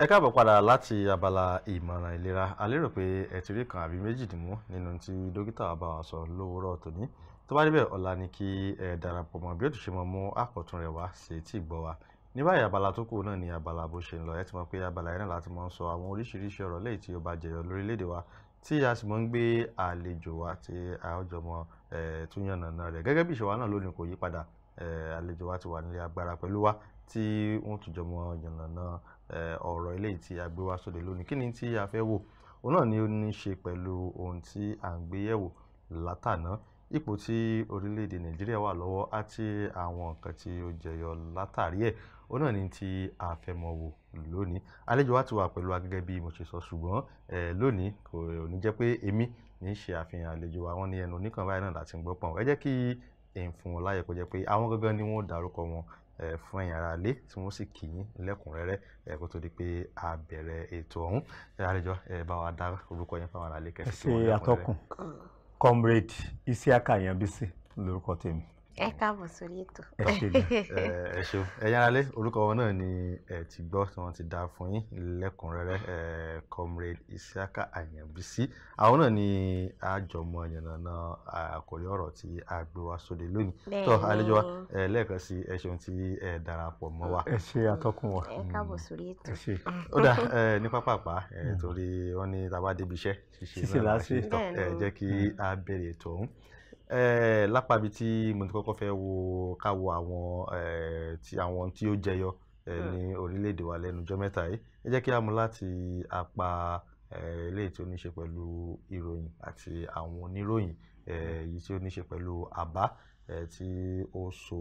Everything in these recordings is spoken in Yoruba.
ẹ káàbọ̀ padà láti abala ìmọ̀ràn ìlera a lérò pé ẹ ti rí kan àbí méjì dìmú nínú tí dókítà bá wa sọ lówùúrọ̀ tòní tó bá débẹ̀ ọ̀la ni kí ẹ darapọ̀ mọ́ bí ó ti ṣe mọ́ mú àkọ́tún rẹ̀ wá sí etí ìgbọ́ wa ní báyìí abala tó kù náà ni abala bó ṣe ń lọ ẹ ti mọ̀ pé abala yẹn náà láti mọ̀ ń sọ àwọn oríṣiríṣi ọ̀rọ̀ lẹ́yìn tí ó bá jẹyọ lórílẹ̀‐èdè wa tí a sì mọ̀ ń gbé àlejò wa tí a jọ mọ̀ tún yànnàná rẹ̀ gẹ́gẹ́ bí ìṣèwà náà lónìí kò yí padà àlejò wa ti wà nílé agbára pẹ̀lú wa tí wọ́n tún jọ mọ̀ yànnàná Eh, ọ̀rọ̀ eléyìí tí a gbé wá sóde lónìí kí ni tí a fẹ́ wò òun náà ni ó ní í ṣe pẹ̀lú ohun tí à ń gbé yẹ̀wò látàná ipò tí orílẹ̀-èdè nàìjíríà wà lọ́wọ́ àti àwọn nǹkan tí ó jẹyọ látàrí ẹ̀ òun náà ni tí a fẹ́ mọ̀ wò lónìí àlejò wa ti wà pẹ̀lú wa gẹ́gẹ́ bí mo ṣe sọ ṣùgbọ́n eh, lónìí kò ní jẹ́ pé èmi ní ṣe àfihàn àlejò wa wọn ní ẹnu oníkan báyìí náà láti gbọ́ pọ̀n ẹ jẹ́ kí n fún wọn láyè kó jẹ́ pé àwọn gangan ni wọ́n dárúkọ wọn fún ẹ̀yin ará ilé tí wọ́n sì kì yín lẹ́kùnrẹ́rẹ́ kó tó di pé a bẹ̀rẹ̀ ètò ọ̀hún àlejò bá wa dá orúkọ yẹn fáwọn ará ilé kẹsì. ẹ ṣe atọ́kùn comrade isiaka yanbisi lórúkọ tèmi ẹ káàbọ̀ sórí ètò. ẹ ṣe ẹ ṣeun ẹ̀yin aráalé orúkọ wọn náà ni ẹ ti gbọ́ tí wọ́n ti dá fún yín lẹ́kùnrẹ́rẹ́ ẹ comrade Isiaka Àyànbísí àwọn náà ni àjọmọ yànnàná àkòrí ọ̀rọ̀ tí a gbé wá sóde lónìí tó àlejò wa ẹ lẹ́ẹ̀kan sí ẹ ṣeun tí ẹ darapọ̀ mọ́ wa. ẹ ṣe atọ́kùn wa ẹ káàbọ̀ sórí ètò. ẹ ṣe ó dà ẹ ní pápápá ẹ hmm. torí wọn ní tá a bá ṣíṣe náà ṣíṣe Eh, lápàbí tí mo ti kọ́kọ́ fẹ́ wo káwo àwọn eh, ti àwọn tí ó jẹyọ eh, hmm. ní orílẹ̀-èdè wa lẹ́nu ọjọ́ mẹ́ta yìí ẹ jẹ́ kí a mú láti apá eléyìí tí ó ní ṣe pẹ̀lú ìròyìn àti àwọn oníròyìn èyí tí ó ní ṣe pẹ̀lú àbá tí ó so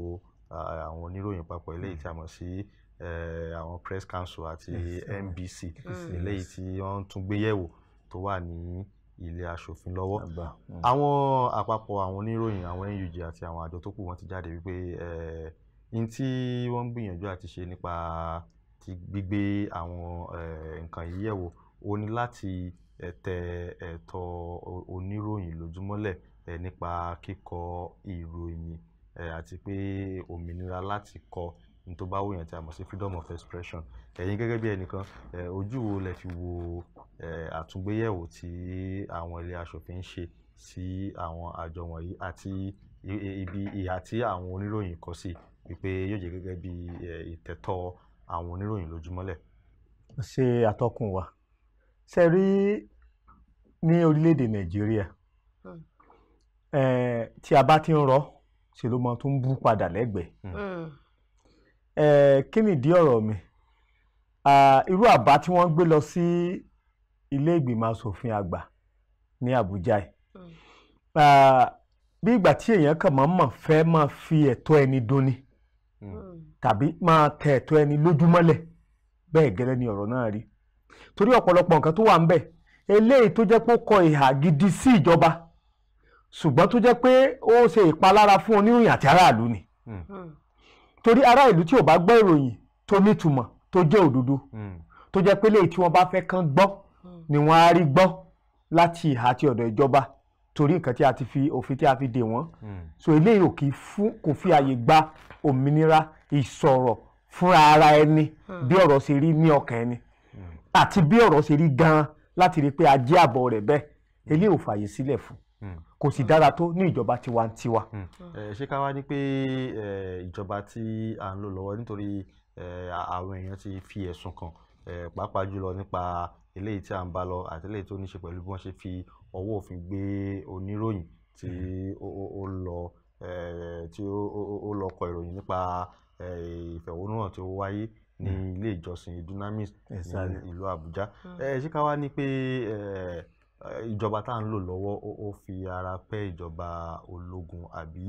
àwọn oníròyìn papọ̀ eléyìí tí a mọ̀ sí àwọn press council àti NBC hmm. eléyìí tí wọ́n tún gbé yẹ̀wò tó wà ní ilé aṣòfin lọ́wọ́ hmm. àwọn àpapọ̀ àwọn oníròyìn àwọn NUG àti àwọn àjọ tó kù wọ́n ti jáde wípé eh, n tí wọ́n ń gbìyànjú àti ṣe nípa ti gbígbé àwọn eh, nǹkan yìí yẹ̀wò o ní láti eh, tẹ ẹ̀tọ́ oníròyìn lójúmọ́lẹ̀ nípa kíkọ ìròyìn àti pé òmìnira láti kọ ní tó bá wòyàn tí a mọ̀ sí freedom of expression ẹ̀yin gẹ́gẹ́ bí ẹnìkan ojú wo lẹ fi wo àtúngbéyẹ̀wò tí àwọn ilé aṣòfin ń ṣe sí àwọn àjọ wọ̀nyí àti ibi ìhà tí àwọn oníròyìn kọ sí wípé yóò jẹ́ gẹ́gẹ́ bí ìtẹ̀tọ́ àwọn oníròyìn lójúmọ́lẹ̀. ṣe atọ́kùn wa ṣe rí ní orílẹ̀-èdè nàìjíríà hmm. tí a bá ti ń rọ ṣe ló mọ tó ń bú padà lẹ́gbẹ̀ẹ́ hmm. Hmm. kí nìdí ọ̀rọ̀ mi irú àbá tí wọ́n gbé lọ sí ilé ìgbìmọ̀ asòfin àgbà ní Abuja yìí hmm. bí ìgbà tí èèyàn kàn máa mọ̀ fẹ́ máa fi ẹ̀tọ́ ẹni dunni hmm. tàbí máa tẹ ẹ̀tọ́ ẹni lójúmọ́lẹ̀ bẹ́ẹ̀ gẹ́lẹ́ ni ọ̀rọ̀ náà rí torí ọ̀pọ̀lọpọ̀ nǹkan tó wà ń bẹ̀ eléyìí tó jẹ́ pé ó kọ ìhà gidi sí ìjọba ṣùgbọ́n tó jẹ́ pé ó ṣe ìpalára fún oníròyìn àti aráàlú ni hmm. torí ara tí ò bá gbọ́ ìròyìn tó nítumọ̀ tó jẹ́ òdodo tó jẹ́ pé léyìí tí wọ́n bá fẹ́ kán gbọ́ ni wọ́n á rí gbọ́ láti ìhà tí ọ̀dọ̀ ìjọba torí nǹkan tí a ti fi òfin tí a fi dè wọ́n hmm. so eléyìí ò kì í fún kò fi àyè gba òmìnira ìsọ̀rọ̀ fúnra ara ẹni hmm. bí ọ̀rọ̀ ṣe rí ní ọkàn ẹni hmm. àti bí ọ̀rọ̀ ṣe rí gan-an láti rí pé a jẹ́ àbọ̀ rẹ̀ bẹ́ẹ̀ eléyìí ò fàyè sílẹ̀ fún kò sì dára tó ní ìjọba tiwantiwa. Eh, ṣé ká wá ní pé eh, ìjọba tí à ń lò lọ́wọ́ nítorí eh, àwọn èèyàn ti fi ẹ̀sùn kàn pàápàá jùlọ nípa eléyìí tí a ń bá lọ àti eléyìí tó ní ṣe pẹ̀lú bí wọ́n ṣe fi ọwọ́ òfin gbé oníròyìn tí ó lọ eh, tí ó lọ kọ ìròyìn nípa eh, ìfẹ̀hónúhàn tí ó wáyé ní hmm. ilé ìjọsìn Dunamis ní ìlú Àbújá hmm. eh, ṣé ká wá ní pé ìjọba tá à ń lò lọ́wọ́ ó fi ara pẹ́ ìjọba ológun àbí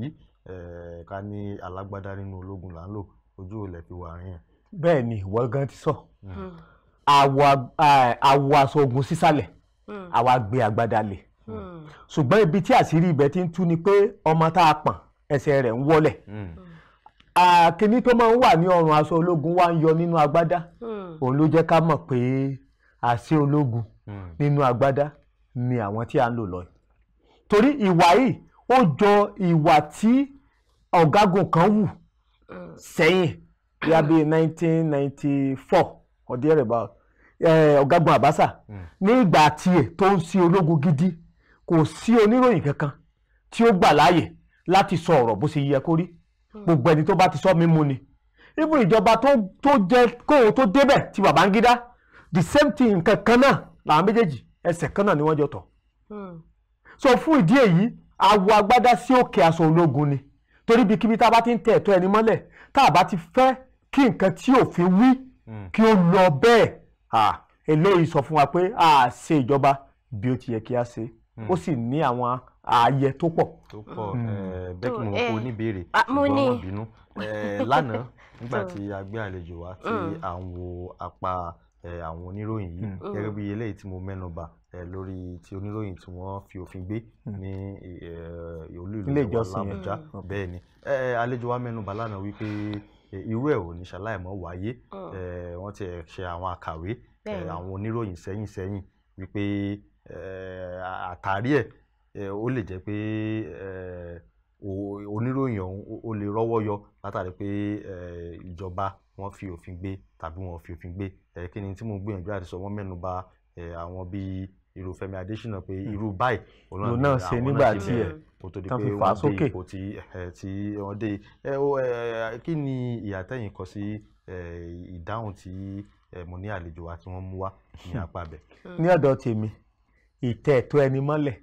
ká ní alágbádá nínú ológun là ń lò ojú ò lè fi wà rìn. bẹ́ẹ̀ ni gan ti sọ. So. Mm. Mm Eh, àwọ̀ aṣọ ogun sísàlẹ̀ àwa hmm. gbé agbádá lé hmm. ṣùgbọ́n ibi tí àṣírí ibẹ̀ ti ń tú ni pé ọmọ tá a pọ̀n ẹsẹ̀ rẹ̀ ń wọlẹ̀ hmm. kíní tó máa ń wà ní ọrùn aṣọ ológun wá ń yọ nínú agbádá òun ló jẹ́ ká mọ̀ pé àṣẹ ológun nínú agbádá ni àwọn tí a ń lò lọ torí ìwà yìí ó jọ ìwà tí ọ̀gágun kan wù sẹ́yìn bí nineteen ninety four or there about eh, ọ̀gágun àbáṣà hmm. ní ìgbà tiẹ̀ tó ń sí ológun gidi kò sí oníròyìn kankan tí ó gbà láàyè láti sọ ọ̀rọ̀ bó ṣe yẹ kó rí hmm. gbogbo ẹni tó bá ti sọ mí mu ni ibùdó ìjọba tó jẹ kóhun tó débẹ̀ ti Babangida the same thing nǹkan kan náà làwọn méjèèjì ẹsẹ̀ kan náà ni wọ́n jọ tọ̀ hmm. so fún ìdí èyí awọ agbádá sí òkè aṣọ ológun ni torí bí kíbi tá a bá ti ń tẹ̀ ẹ̀tọ́ ẹni mọ́lẹ̀ tá a bá ti fẹ́ kí nǹkan tí òfin wí Hmm. kí ó lọ bẹ́ẹ̀ eléyìí sọ fún wa pé a ṣe ìjọba bí ó ti yẹ kí a ṣe hmm. ó sì ní àwọn ààyè tó pọ̀. tó pọ̀ hmm. bẹ́ẹ̀ kí mo kó níbèrè ṣùgbọ́n mo bínú lánàá nígbà tí a gbé àlejò wá tí à ń wo apá àwọn oníròyìn yìí gẹ́gẹ́ bí eléyìí tí mo mẹ́nu bà lórí ti oníròyìn tí wọ́n fi òfin gbé ní olú ìlú Àbújá bẹ́ẹ̀ ni àlejò wa mẹ́nu bà lánàá wípé irú ẹ̀ ò ní ṣaláìmọ́ wáyé mm. wọ́n ti ṣe àwọn àkàwé àwọn oníròyìn sẹ́yìn sẹ́yìn wípé àtàrí ẹ̀ ó lè jẹ́ pé oníròyìn ọ̀hún ó lè rọ́wọ́ yọ látàrí pé ìjọba wọ́n fi òfin gbé tàbí wọ́n fi òfin gbé kí ni tí mo gbìyànjú àti sọ wọ́n mẹ́nu àwọn bíi irú Fẹ́mi Adésínà pé hmm. irú báyìí òun náà ṣe nígbà tí ẹ tán fi fà á sókè kò tí eh, tí wọ́n dé ẹ o ẹ kí ni ìyàtẹ̀yìn kọ sí ìdáhùn tí mo ní àlejò wa tí wọ́n mú wá ní hmm. apá bẹ̀. ní ọ̀dọ̀ tèmi ìtẹ̀ ẹ̀tọ́ ẹni mọ́lẹ̀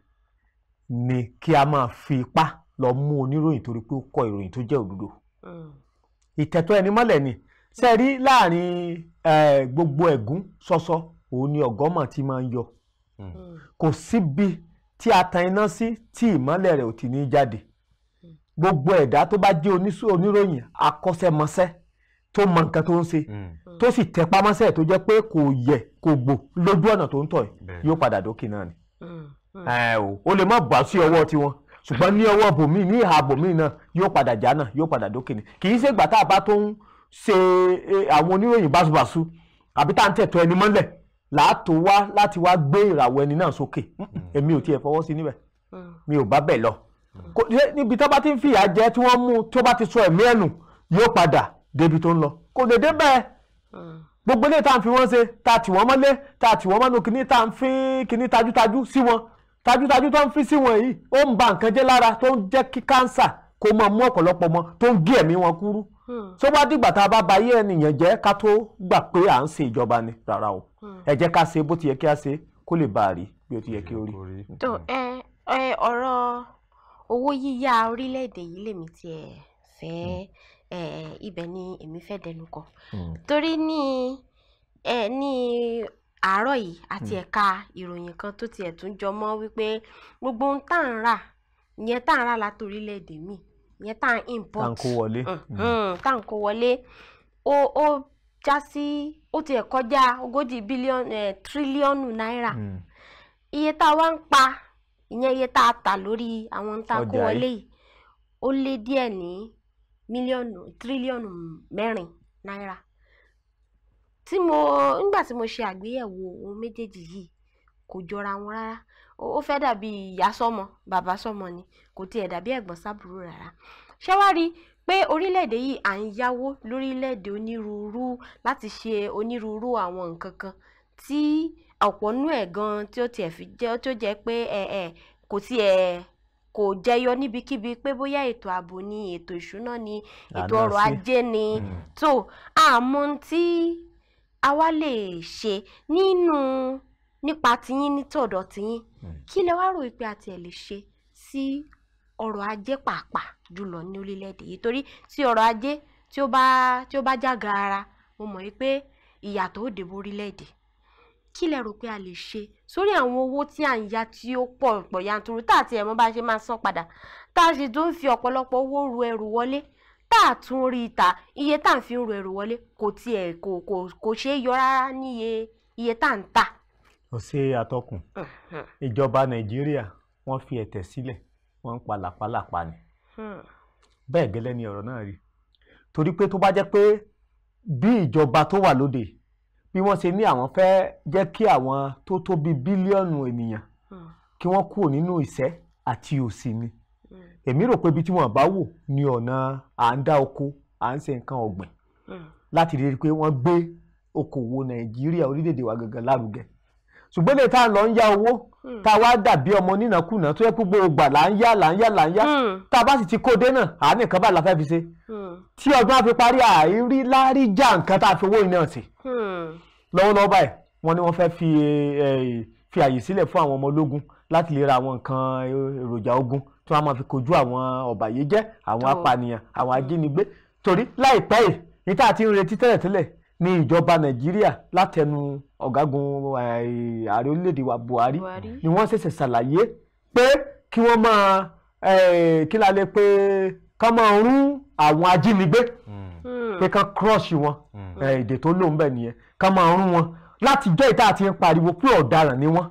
ni kí a máa fi ipá lọ mú oníròyìn torí pé ó kọ ìròyìn tó jẹ́ òdodo hmm. ìtẹ̀tọ́ ẹni mọ́lẹ̀ ni ṣe rí láàrin gbogbo ẹ̀gún sọ́sọ́ òun ni ọ̀gọ́mọ̀ ti máa ń yọ Hmm. Hmm. kò síbi tí a tan iná sí tí ìmọ́lẹ̀ rẹ̀ ò ti ní jáde hmm. gbogbo ẹ̀dá tó bá jẹ́ oníròyìn akọ́ṣẹ́mọṣẹ́ tó mọ nǹkan tó ń ṣe tó sì tẹpá tó jẹ́ pé kò yẹ kò gbò lójú ọ̀nà tó ń tọ̀ yóò padà ni o lè má bà sí tiwọn ṣùgbọ́n ní ọwọ́ ní ìhà náà yóò padà já náà yóò padà ni kì í ṣe bá tó ń ṣe eh, àwọn oníròyìn báṣubàṣu àbí tá à láàtò wá láti wá gbé ìràwọ̀ ẹni náà sókè hmm. èmi ò tiẹ̀ fọwọ́ sí níbẹ̀ hmm. mi ò bá bẹ̀ lọ hmm. níbi tó bá ti ń fìyà jẹ tí wọ́n mú tó bá ti sọ ẹ̀mí ẹ̀nù yóò padà débi tó ń lọ kò lè dé bẹ́ẹ̀ gbogbo ilé tá à ń fi wọ́n ṣe tá a tì wọ́n mọ́lé tá a tì wọ́n mọ́nu kíní tá à ń fi kíní tajútajú sí wọn tajútajú tó ń fi sí wọn yìí ó ń ba nǹkan jẹ́ lára tó ń jẹ́ kí kánsà kó máa mú ọ̀pọ̀lọpọ̀ mọ tó ń gé ẹ̀mí wọn kúrú tó bá dìgbà tá a bá ba ayé ẹnìyàn jẹ́ ká tó gbà pé à ń sin ìjọba ni rárá o ẹ jẹ́ ká ṣe bó ti yẹ kí a ṣe kó lè bá a rí bí o ti yẹ kí ó rí. tó ẹ ẹ ọ̀rọ̀ owó yíyá orílẹ̀-èdè yìí lèmi ti ẹ̀ fẹ́ ẹ ibẹ̀ ni èmi fẹ́ dẹnu kọ hmm. torí ní ẹ ní àárọ̀ yìí àti hmm. ẹ̀ka ìròyìn kan tó tiẹ̀ tún jọ mọ́ wípé gbogbo ohun tá à ń rà ìyẹn tá à ń rà láti orílẹ̀-èdè míì ìyẹn tá à ń import tá à hmm. ń kó wọlé ó já sí ó ti ẹ̀ kọjá ogójì bílíọ̀nù ẹ̀ tírílíọ̀nù náírà hmm. iye tá a wá ń pa ìyẹn iye tá a tà lórí àwọn ohun tá a kó wọlé ó lé díẹ̀ ní mílíọ̀nù tírílíọ̀nù mẹ́rin náírà tí mo nígbà tí mo ṣe àgbéyẹ̀wò ohun méjèèjì yìí kò jọra wọn rárá ó fẹ́ dàbí ìyá sọ́mọ bàbá sọ́mọ ni kò tiẹ̀ dàbí ẹ̀gbọ́n sábúrò rárá ṣé pé orílẹ̀-èdè yìí à ń yáwó lórílẹ̀-èdè onírúurú láti ṣe onírúurú àwọn nǹkan kan tí ọ̀pọ̀ nú ẹ̀ gan tí ó tiẹ̀ fi jẹ́ tó jẹ́ pé ẹ ẹ kò tiẹ̀ kò jẹyọ níbikíbi pé bóyá ètò ààbò ni ètò ìṣúná ni ètò ọrọ̀ ajé ni tó hmm. àmọ́ tí a wá lè ṣe nínú nípa tiyín nítọ̀dọ̀ tiyín hmm. kí lẹ wá rò pé a tiẹ̀ lè ṣe sí ọrọ̀ ajé pàápàá jùlọ ní orílẹ̀-èdè yìí torí tí ọrọ̀ ajé tí ó bá tí ó bá já gaara mo mọ̀ pé ìyàtọ̀ ó dé bá orílẹ̀-èdè kí lẹ rò pé a lè ṣe sórí àwọn owó tí à ń ya tí ó pọ̀ pọ̀ yanturu tá àti ẹ̀mọ́ bá ṣe máa san padà tá a sì tún ń fi ọ̀pọ̀lọpọ̀ owó ru ẹrù wọlé tá a tún rí ìta iye tá à ń fi ń ru ẹrù wọlé kò tiẹ̀ kò kò kò ṣeé yọ rárá ní iye iye tá à ń tà. kò sí atọ́kùn ìjọba nàìjíríà wọ́n fi ẹ̀tẹ̀ sílẹ̀ wọ́n ń pa làpálàpá ni hmm. bẹ́ẹ̀ gẹ́lẹ́ ni ọ̀rọ̀ náà rí torí pé tó bá jẹ́ pé bí ìjọba tó wà lóde bí wọ́n ṣe ní àwọn fẹ́ jẹ́ kí àwọn tó tó bí bílíọ̀nù ènìyàn hmm. kí wọ́n kúrò nínú ìṣẹ́ àti òṣì ni hmm. èmi rò pé ibi tí wọ́n bá wò ní ọ̀nà à ń dá oko à ń ṣe nǹkan ọ̀gbìn láti rí i pé wọ́n gbé okòwò nàìjíríà orílẹ̀-èdè wa gangan lárugẹ ṣùgbọ́n lè tá a lọ ń yá owó hmm. tá a wá dàbí ọmọ nínàkúnà tó yẹ pé gbogbo ìgbà là ń yá là ń yá là ń yá hmm. tá a bá sì ti kó dé náà àánì kan bá la fẹ́ fi ṣe hmm. tí ọdún á fi parí àìrí lárí já nǹkan tá a fi owó iná tì lọ́wọ́lọ́wọ́ báyìí wọ́n ní wọ́n fẹ́ fi fi àyè sílẹ̀ fún àwọn ọmọ ológun láti lè ra àwọn nǹkan èròjà ogun tí wọ́n á máa fi kojú àwọn ọ̀bàyéjẹ́ àwọn oh. apànìyàn àwọn ajínigbé torí láìpẹ́ yìí ní tá a ti ń retí tẹ́lẹ̀tẹ́lẹ̀ ní ìjọba nàìjíríà látẹnu ọ̀gágun eh, ààrẹ orílẹ̀-èdè wa buhari ni wọ́n ṣẹ̀ṣẹ̀ ṣàlàyé pé kí wọ́n máa eh, kí la lè pé ká máa rún àwọn ajínigbé hmm. pé ká crush wọn hmm. eh, èdè tó lóun bẹ́ẹ̀ nìyẹn ká máa rún wọn láti jẹ́ ìta àti pariwo pé ọ̀daràn ni wọ́n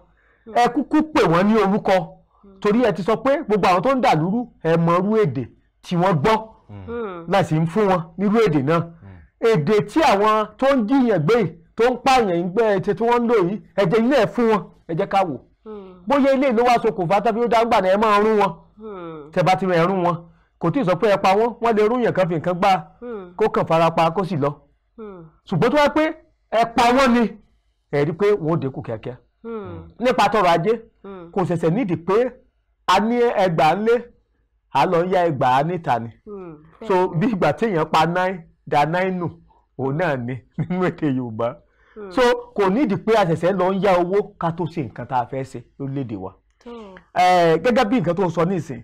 hmm. ẹ kúkú pè wọ́n ní orúkọ torí ẹ ti sọ pé gbogbo àwọn tó ń dàlúrú ẹ mọ irú èdè tí wọ́n gbọ́ láti fún wọn nírú èdè náà èdè tí àwọn tó ń jiyàn gbé tó ń pààyàn ń gbé ẹtẹ tí wọ́n ń lò yìí ẹ̀jẹ̀ ilé ẹ̀ fún wọn ẹ ká wò hmm. bóyá ilé ìlú wa tàbí ó dáńgbà náà ẹ máa rún wọn hmm. tẹ́ ti rìn ẹrún wọn kò tí ì sọ pé ẹ pa wọn lè rún yàn kan fi nǹkan gbá hmm. kó kàn fara pa kó sì lọ ṣùgbọ́n tó wá pé ẹ danainu òun náà ni nínú èdè yorùbá hmm. so kò nídìí pé àṣẹ̀ṣẹ̀ lọ ń yá owó ká tó ṣe nǹkan tá a fẹ́ ṣe lórílẹ̀‐èdè wa gẹ́gẹ́ bí nǹkan tó ń sọ nísìn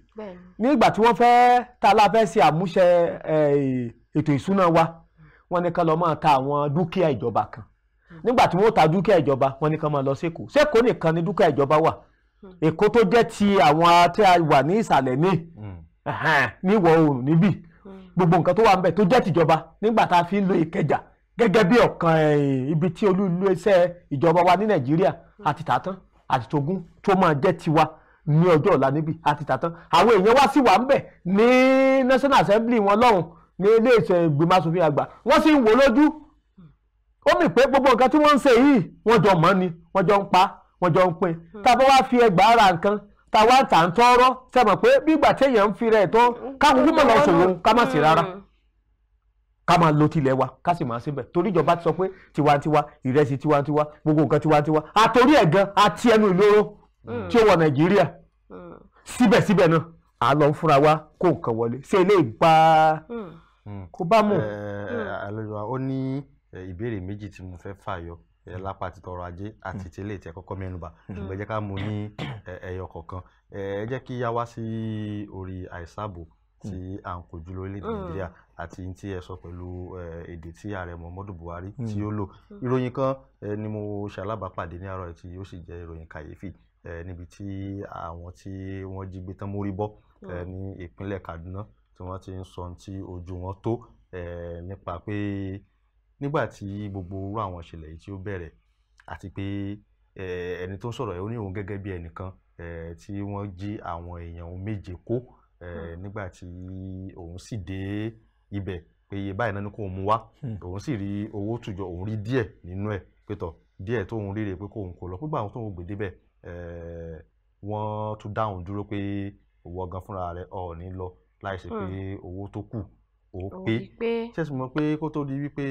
nígbà tí wọ́n fẹ́ tá a la fẹ́ ṣe àmúṣe ètò ìsúná wa wọ́n ní ká lọ máa ta àwọn dúkìá ìjọba kan hmm. nígbà tí wọ́n ta dúkìá ìjọba wọ́n ní ká máa lọ sékòó sékòó nìkan ni dúkìá ìjọba wà hmm. èkó tó jẹ́ ti àwọn tí a wà ní ìsàlẹ̀ ní ní oòrùn níbí gbogbo nǹkan tó wà ńbẹ̀ tó jẹ́ tìjọba nígbà tá a fi ń lo ìkẹjà gẹ́gẹ́ bí ọ̀kan ibi tí olú ilé iṣẹ́ ìjọba wa ní nàìjíríà àti tàtán àti tògún tó máa jẹ́ tiwa ní ọjọ́ ọ̀la níbi àti tàtán àwọn èèyàn wá sí wà ńbẹ̀ ní national assembly wọn lọ́hùn ní ilé ìgbìmọ̀ asòfin àgbà wọ́n sì ń wò lójú ó mì pé gbogbo nǹkan tí wọ́n ń ṣe yìí wọ́n jọ mọ̀ ni wọ́n jọ ń pa wọ́n jọ ń pín hmm. tá a bá wá fi ẹgbàá ra nǹkan táwa ń tà ń tọrọ sẹ́mọ̀ pé bígbà téèyàn ń fi rẹ̀ tó káwọn kúmọ̀ lọ sòwò ká má sí rárá mm. ká máa lo tilẹ̀ wa ká sì máa síbẹ̀ ti sọ pé tiwantiwa ìrẹsì tiwantiwa gbogbo nǹkan tiwantiwa àtòrí ẹ̀ gan àti ẹnu ìloro mm. tí ó wọ Nàìjíríà mm. síbẹ̀síbẹ̀ náà à lọ fúnra wa kó nǹkan wọlé ṣé ilé ìgbà kó bá ìyẹn lápá àti tọrọ ajé àti hmm. ti ilé ìtẹ́ kọ́kọ́ mẹ́nuba ṣùgbọ́n hmm. ẹ jẹ́ ká mú ní ẹyọ kọ̀ọ̀kan ẹ jẹ́ kí yá wá sí orí àìsàbò hmm. tí à ń kojú lórílẹ̀‐èdè nàìjíríà àti tí ẹ sọ pẹ̀lú èdè tí ààrẹ muhammadu buhari tí ó lò ìròyìn kan ni mo ṣalábàápàdé ní àárọ̀ tí ó sì jẹ́ ìròyìn kàyéfì níbi tí àwọn tí wọ́n jí gbé tán mórí bọ́ ní ìpínlẹ̀ kaduna tí wọ́n ti ń sọ ohun tí ojú wọn tó nípa pé nígbà tí gbogbo irú àwọn ìṣẹ̀lẹ̀ yìí tí ó bẹ̀rẹ̀ àti pé ẹni tó ń sọ̀rọ̀ ẹ̀ ó ní òun gẹ́gẹ́ bí ẹnìkan tí wọ́n jí àwọn èèyàn méje kó hmm. nígbà tí òun sì dé ibẹ̀ pé iye báyìí náà ni kò mú wá hmm. òun sì rí owó tùjọ òun rí díẹ̀ nínú ẹ̀ pé tọ̀ díẹ̀ tó òun rí rè pé kò òun kò lọ pípa àwọn tó òun gbé débẹ̀ wọ́n tún dáhùn dúró pé òwò ọ̀gán fúnra rẹ̀ ọ̀ ní lọ láì pé hmm. owó tó kù òpè ṣé sì mọ̀ pé kó tó di wípé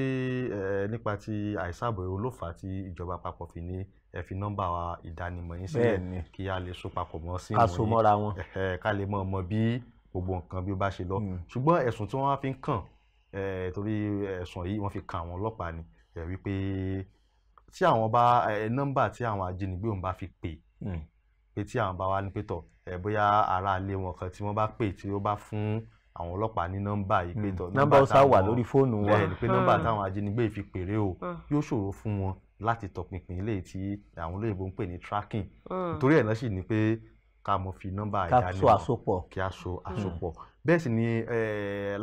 eh, nípa ti àìsàbò èrò ló fà á tí ìjọba àpapọ̀ fi ní ẹ fi nọ́mbà ìdánimọ̀ yín sílẹ̀ kí a lè so papọ̀ mọ́ sí ìwọ̀n yín ká lè mọ̀ ọmọ bí gbogbo nǹkan bí ó bá ṣe lọ hmm. ṣùgbọ́n ẹ̀sùn tí wọ́n fi ń kàn eh, torí ẹ̀sùn yìí wọ́n fi kàn àwọn ọlọ́pàá ni wípé tí àwọn bá nọ́mbà tí àwọn ajínigbé òun bá fi pè hmm. pé tí àwọn bá wá ní pé tọ̀ bóyá aráalé wọn kan tí wọ́n bá pè tí ó bá fún àwọn ọlọ́pàá ní nọ́mbà yìí pé hmm. tọ́ nọ́mbà ó sá wà lórí fóònù wa bẹ́ẹ̀ ni pé nọ́mbà hmm. táwọn ajínigbé fi péré o hmm. yóò ṣòro fún wọn láti tọpinpin eléyìí tí àwọn olóyìnbó ń pè ní tracking nítorí ẹ̀ náà sì ni pé ká mọ̀ fi nọ́mbà ìdánimọ̀ kí a so àsopọ̀ bẹ́ẹ̀ sì ni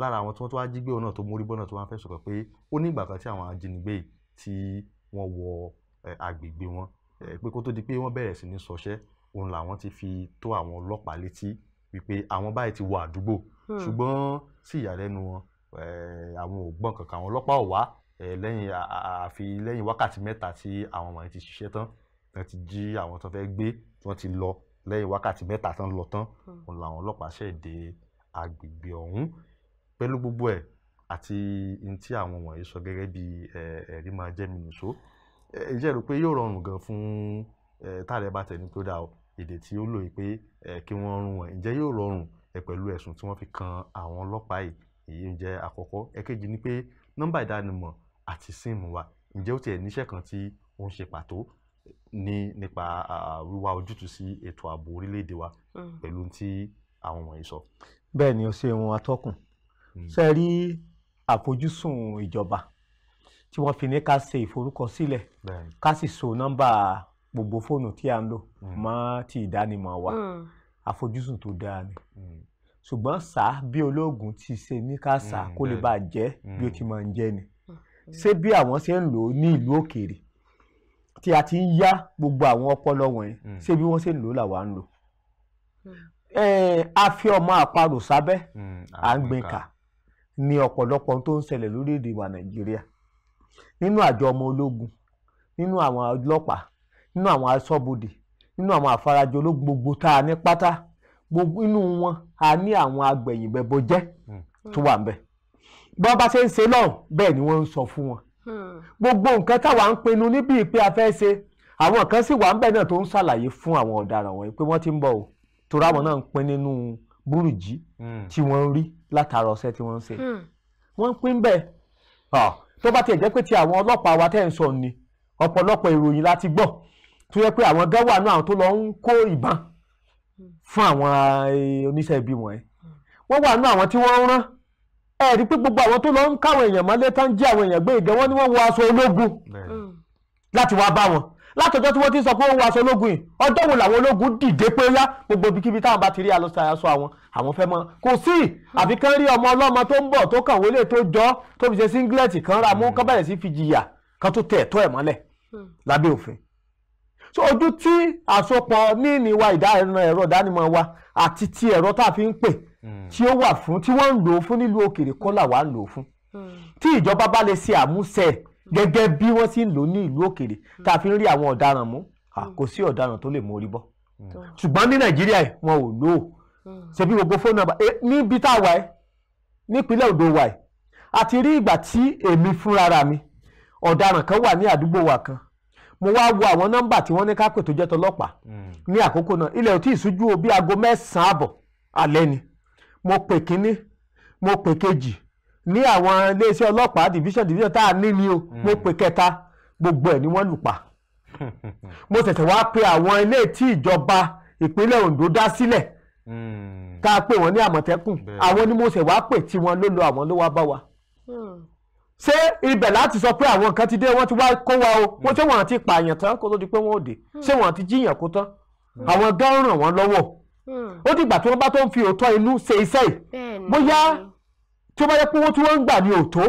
lára àwọn tí wọ́n tó wá jí gbé òun náà tó mórí bọ́ náà tó wá fẹ́ sọ̀rọ̀ pé ó ní ìgbà kan tí àwọn ajínigbé tí wọ́n wọ agbègbè wọn pé kó tó di pé wọ́n bẹ̀rẹ̀ sí ní sọṣẹ́ òun làwọn ti fi tó àwọn ọlọ́pàá létí wípé àwọn báyìí ti wọ àdúgbò Hmm. ṣùgbọ́n sí ìyàlẹ́nu wọn àwọn ò gbọ́n kankan àwọn ọlọ́pàá ò wá lẹ́yìn àfi lẹ́yìn wákàtí mẹ́ta tí àwọn wọ̀nyí ti ṣiṣẹ́ tán tán ti jí àwọn tó fẹ́ gbé tí wọ́n ti lọ lẹ́yìn wákàtí mẹ́ta tán lọ tán hmm. òun làwọn ọlọ́pàá ṣẹ̀ dé agbègbè ọ̀hún pẹ̀lú gbogbo ẹ̀ àti n tí àwọn wọ̀nyí sọ gẹ́gẹ́ bí ẹ̀rí máa jẹ́ mi nìṣó ǹjẹ́ rò pé yóò rọrùn gan fún táàrẹ̀ bá tẹ̀ ní tó dáa èdè tí ó lò yìí pé kí wọ́n rún wọn ǹjẹ́ yóò rọrùn pẹ̀lú ẹ̀sùn tí wọ́n fi kan àwọn ọlọ́pàá yìí èyí ń jẹ́ àkọ́kọ́ ẹ̀kejì ni pé nọ́mbà ìdánimọ̀ àti síìmù wa ǹjẹ́ ó tiẹ̀ níṣẹ́ kan tí ó ń ṣe pàtó ní nípa wíwá ojútùú sí ètò ààbò orílẹ̀-èdè wa hmm. pẹ̀lú tí àwọn wọ̀nyí sọ. bẹ́ẹ̀ ni o ṣe wọn atọ́kùn hmm. ṣe rí àfojúsùn ìjọba tí wọ́n fi ní ká ṣe ìforúkọsílẹ̀ ká sì so nọ́mbà gbogbo fóònù tí a ń lò hmm. mọ́ ti ìdánimọ̀ wa. Mm àfojúsùn tó dáa ni hmm. ṣùgbọ́n sá bí olóògùn ti ṣe ní ká sá hmm, kó lè bá jẹ́ bí ó hmm. ti máa ń jẹ́ ni ṣé bí àwọn ṣe ń lò ó ní ìlú òkèèrè tí a ti ń yá gbogbo àwọn ọpọlọ wọ̀nyí ṣé bí wọ́n ṣe ń lò ó làwa ń lò a fi ọmọ àparò sábẹ́ à ń gbìn kà ní ọ̀pọ̀lọpọ̀ tó ń ṣẹlẹ̀ lórílẹ̀‐èdè wa nàìjíríà nínú àjọ ọmọ ológun nínú àwọn ọlọ́pàá nínú àwọn aṣọ́bodè nínú àwọn àfarajọ olóògbogbo tá a ní pátá gbogbo inú wọn a ní àwọn agbẹ̀yìnbẹ̀bọ jẹ́ tó wà ń bọ́n bá ṣe ń ṣe lọ́hùn bẹ́ẹ̀ ni wọ́n ń sọ fún wọn gbogbo nǹkan táwa ń pinnu níbi pé a fẹ́ ṣe àwọn kan sì wà ń bẹ̀ náà tó ń ṣàlàyé fún àwọn ọ̀daràn wọ̀nyí pé wọ́n ti ń bọ̀ o torí àwọn náà ń pín nínú burújí hmm. tí wọ́n ń rí látara ọṣẹ́ tí wọ́n ń ṣe hmm. wọ́n pín bẹ́ẹ̀ tó bá tiẹ̀ jẹ́ pé ti àwọn ọlọ́pàá wa tẹ́ ń sọ ni ọ̀pọ̀lọpọ̀ ìròyìn láti gbọ́ tó yẹ pé àwọn gan wà ní àwọn tó lọ ń kó ìbọn fún àwọn eh, oníṣẹ́ ibi wọ̀nyí wọ́n wà ní àwọn tí wọ́n ń rán ẹ rí pé gbogbo àwọn tó lọ ń káwọn èèyàn mọ́lé tán jí àwọn èèyàn gbé ìgẹ́ wọn ni wọ́n wọ aṣọ ológun láti wá bá wọn látọjọ́ tí wọ́n ti sọ pé wọ́n wọ aṣọ ológun yìí ọjọ́ wo làwọn ológun dìde pé yá gbogbo ibikíbi táwọn bá ti rí aṣọ àwọn àwọn fẹ́ mọ́ kò sí àfi kán rí ọmọ ọlọ́mọ tó ń bọ̀ tó kàn wọlé tó jọ tó fi ṣe singlet kan ra mú kán bẹ̀rẹ̀ sí fi jìyà kan tó tẹ̀ ẹ̀tọ́ ẹ̀ mọ́lẹ̀ hmm. lábẹ́ òfin so ojú tí àsopọ̀ níní wa ìdáná ẹ̀rọ ìdánimọ̀ wa àti ti ẹ̀rọ tá a fi ń pè hmm. tí ó wà fún tí wọ́n ń lò ó fún nílùú òkèèrè kọ́ là wà ń lò ó fún hmm. tí ìjọba bá lè ṣe àmúṣe gẹ́gẹ́ bí wọ́n sì ń lò ó ní ìlú òkèèrè hmm. tá a fi ń rí àwọn ọ̀daràn mú kò sí ọ̀daràn tó lè mórí bọ́ ṣùgbọ́n ní nàìjíríà wọn ò lò ó ṣebí gbogbo fóònù nàmbà eh, níbi tá a wà ẹ́ nípínlẹ̀ Oǹdó wà ẹ́ àti rí ìgbà tí èmi fúnra mi ọ̀daràn kan wà ní àdúgbò wa kan mo wá wo àwọn nọ́mbà tí wọ́n ní ká pè tó jẹ́ tọlọ́pàá hmm. ní àkókò náà ilẹ̀ ò tí o bí aago mẹ́sàn-án àbọ̀ alẹ́ ni mo pè kínní mo pè kejì ní àwọn iléeṣẹ́ ọlọ́pàá division division tá a ní ni o hmm. mo pè kẹta gbogbo ẹ̀ ni wọ́n lù pa mo tẹ̀tẹ̀ wá pe àwọn ilé tí ìjọba ìpínlẹ̀ Ondo dá sílẹ̀ ká hmm. pè wọ́n ní Àmọ̀tẹ́kùn àwọn ni mo ṣẹ̀ wá pè tí wọ́n ló lo àwọn ló wá bá wa ṣé ibẹ̀ láti sọ pé àwọn kan ti dé wọ́n ti wá kó wa o wọ́n hmm. ṣé wọ́n ti pààyàn tán kó tó di pé wọ́n ò dé hmm. ṣé wọ́n ti jíyàn kó tán hmm. àwọn gan ràn wọ́n lọ́wọ́ ó dìgbà tí wọ́n bá tó ń fi òótọ́ inú ṣe iṣẹ́ yìí bóyá tí ó bá yẹ pé wọ́n tí wọ́n ń gbà ní òótọ́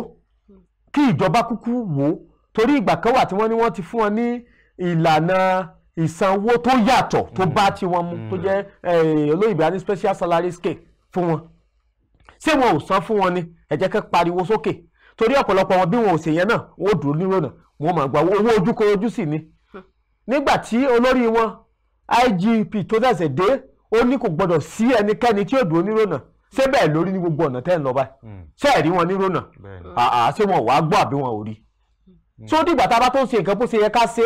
kí ìjọba kúkú wò ó torí ìgbà kan wà tí wọ́n ní wọ́n ti fún wọn ní ìlànà ìsanwó tó yàtọ̀ tó bá tiwọn mu tó jẹ́ olóyìnbó ní special salary scale fún wọn ṣé wọn ò san fún wọn ni ẹ jẹ́ kẹ́ pariwo sókè. Okay torí ọ̀pọ̀lọpọ̀ wọn bí wọn ò ṣe yẹn náà wọn ò dúró nírònà wọn máa gba owó ojú kan ojú sì ni hmm. nígbà tí olórí wọn IGP tó ṣẹ̀ṣẹ̀ dé ó ní kò gbọdọ̀ sí ẹnikẹ́ni tí yóò dúró nírònà ṣé bẹ́ẹ̀ lórí ní gbogbo ọ̀nà tẹ́ ń lọ báyìí hmm. ṣé ẹ̀rí wọn nírònà àà ṣé wọn wàá gbọ́ àbí wọn ò rí tó hmm. dìgbà tá a bá tó ń ṣe nǹkan bó ṣe yẹ ká ṣe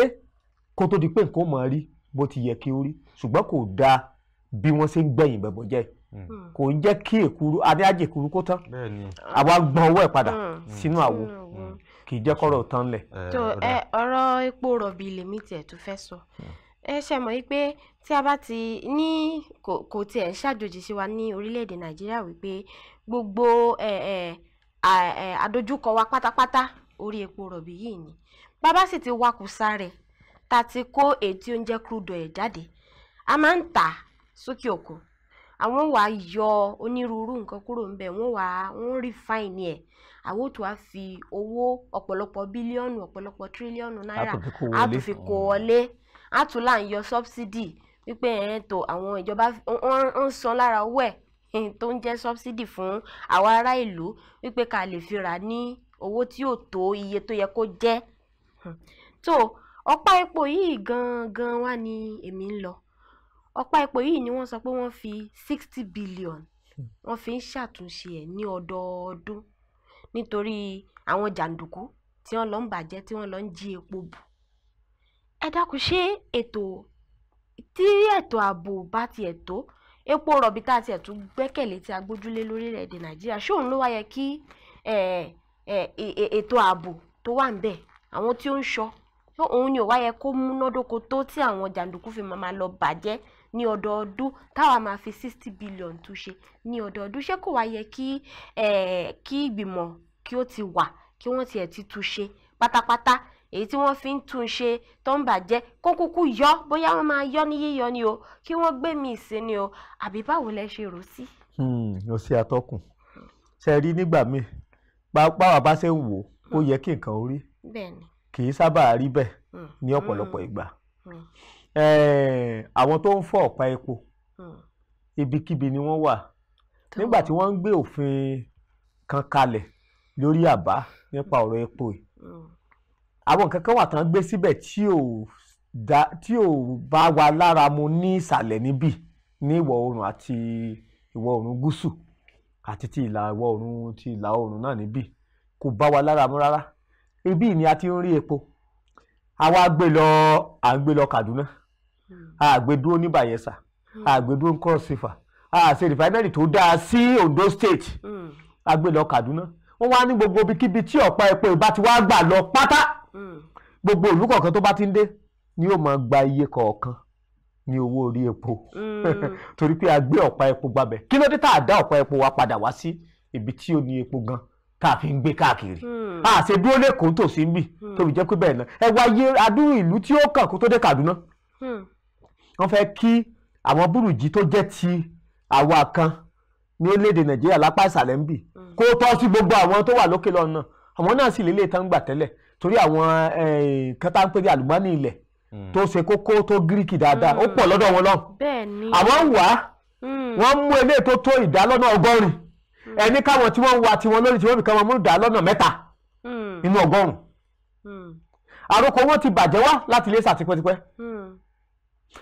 kó tó di pé nǹkan ó máa rí bó ti yẹ kí ó rí ṣùgbọ́n kò dáa bí wọ́n ṣe ń gbẹ̀yìn bẹ̀bọ̀ jẹ́ hmm. Hmm. kò jẹ́ kí èkuru adéájì èkuru kó tán àwa gbọ́n owó ẹ̀ padà hmm. sínú àwo kì í jẹ́ kọ́rọ̀ tán lẹ̀. tó eh, ẹ ọ̀rọ̀ epo rọ̀bì lèmi tiẹ̀ tó fẹ́ sọ ẹ ṣe mọ̀ wípé tí a bá ti ní kò tiẹ̀ ṣàjòjì sí wa ní orílẹ̀-èdè nàìjíríà wípé gbogbo àdójúkọ wa pátápátá orí epo rọ̀bì yìí ni bàbá sì ti wakùsà rẹ̀ ta ti kó èyí tí ó ń jẹ́ crude oil jáde a máa ń tà á sókè òkun àwọn wàá yọ onírúurú nǹkan kúrò ńbẹ̀ wọ́n wàá wọ́n refine ẹ̀ àwọn ò tó wá fi owó ọ̀pọ̀lọpọ̀ bílíọ̀nù ọ̀pọ̀lọpọ̀ tírílíọ̀nù náírà á tún fi kó wọlé á mm. tún là ń yọ subsidy wípé ẹ̀ tó àwọn ìjọba ń san lára owó ẹ̀ tó ń jẹ́ subsidy fún àwa ará ìlú wípé ká lè fi rà ní owó tí ò tó iye tó yẹ kó jẹ́ tó hmm. ọ̀pá epo yìí gangan wá ni èmi ń lọ ọ̀pá epo yìí ni wọ́n sọ pé wọ́n fi sixty billion hmm. wọ́n fi ń ṣàtúnṣe ẹ̀ ní ọdọọdún nítorí àwọn jàǹdùkú tí wọ́n lọ ń bàjẹ́ tí wọ́n lọ ń jí epo bù ẹ dákun ṣé ètò tí ètò ààbò bá tiẹ̀ tó epo rọ̀bì tá a tiẹ̀ tún gbẹ́kẹ̀lé tí a gbójúlé lórílẹ̀‐èdè nàìjíríà ṣé òun ló wá yẹ kí ètò ààbò tó wà ń bẹ̀ àwọn tí ó ń ṣọ́ òun ni ò wá kó múnádóko tó tí àwọn jàǹdùkú fi máa lọ bàjẹ́ ní ọdọọdún táwa máa fi sixty billion tún ṣe ní ọdọọdún ṣé kò wá yẹ kí kí ìgbìmọ̀ kí ó ti wà kí wọ́n tiẹ̀ ti tún ṣe pátápátá èyí tí wọ́n fi ń tún ṣe tó ń bàjẹ́ kó kúkú yọ bóyá wọ́n máa yọ ní yíyọ ni o kí wọ́n gbé mi ìsìn ni o àbí báwo lẹ ṣe rò sí. o hmm, ṣe atọ́kùn ṣe rí nígbà míì báwa bá ṣe ń wò ó yẹ kí nǹkan orí kì í sábà rí bẹ́ẹ̀ hmm, ní ọ̀pọ̀lọpọ̀ hmm, ìgbà Eh, àwọn tó ń fọ ọ̀pá epo hmm. ibikíbi ni wọ́n wà nígbà tí wọ́n ń gbé òfin kan kalẹ̀ lórí àbá nípa ọ̀rọ̀ epo yìí hmm. àwọn nǹkan kan wà tán gbé síbẹ̀ tí ò da tí ò bá wa lára mu ní ìsàlẹ̀ níbí ní ìwọ̀ oòrùn àti ìwọ̀ oòrùn gúúsù àti ti ìlà ìwọ̀ oòrùn ti ìlà oòrùn náà níbí kò bá wa lára mu rárá ibí ni a ti ń rí epo àwa gbé lọ à ń gbé lọ Kaduna àgbẹ̀dúró hmm. ah, ní Bayelsa hmm. ah, àgbẹ̀dúró ní Cross River àṣẹ ah, rìfáínẹ́rì tó dáa sí Ondo State àgbẹ̀lọ hmm. Kaduna wọ́n wá ní gbogbo ibikíbi tí ọ̀pá epo ìbá ti wá gbà lọ pátá gbogbo ìlú kọ̀ọ̀kan tó bá ti ń dé ni yóò máa gba iye kọ̀ọ̀kan ní owó orí epo torí pé a gbé ọ̀pá epo gbabẹ̀ kí ló dé tá a dá ọ̀pá epo wa padà wá sí ibi tí ó ní epo gan tá a fi ń gbé káàkiri àṣẹ dúró lẹ́kọ̀ọ́ tòsí ń bì tóbi jẹ́ pé bẹ́ẹ̀ náà ẹ wá adúrú ìlú tí ó kàn kó tó dé Kaduna wọ́n fẹ́ kí àwọn burújí tó jẹ́ ti àwa kan ní orílẹ̀-èdè nàìjíríà lápá ìsàlẹ̀ ń bì mm. kó tọ́ sí gbogbo àwọn tó wà lókè lọ́nà náà àwọn náà sì lélẹ̀ tán gbà tẹ́lẹ̀ torí àwọn eh, kan tá ń pè ní àlùmọ́nì ilẹ̀ mm. tó ṣe kókó tó gíríkì dáadáa ó pọ̀ mm. lọ́dọ̀ wọn lọ́hùn àwọn wà á wọ́n mú eléyìí tó tó ìdá ọgọ́rin ẹni káwọn tí wọ́n ń wa tiwọn lórí tiwọn nìkan wọn mú ìdá lọ́nà mẹ́ta inú ọgọ́rùn-ún àròkọ wọn ti bàjẹ́ wá láti ilé sàtipẹ́tipẹ́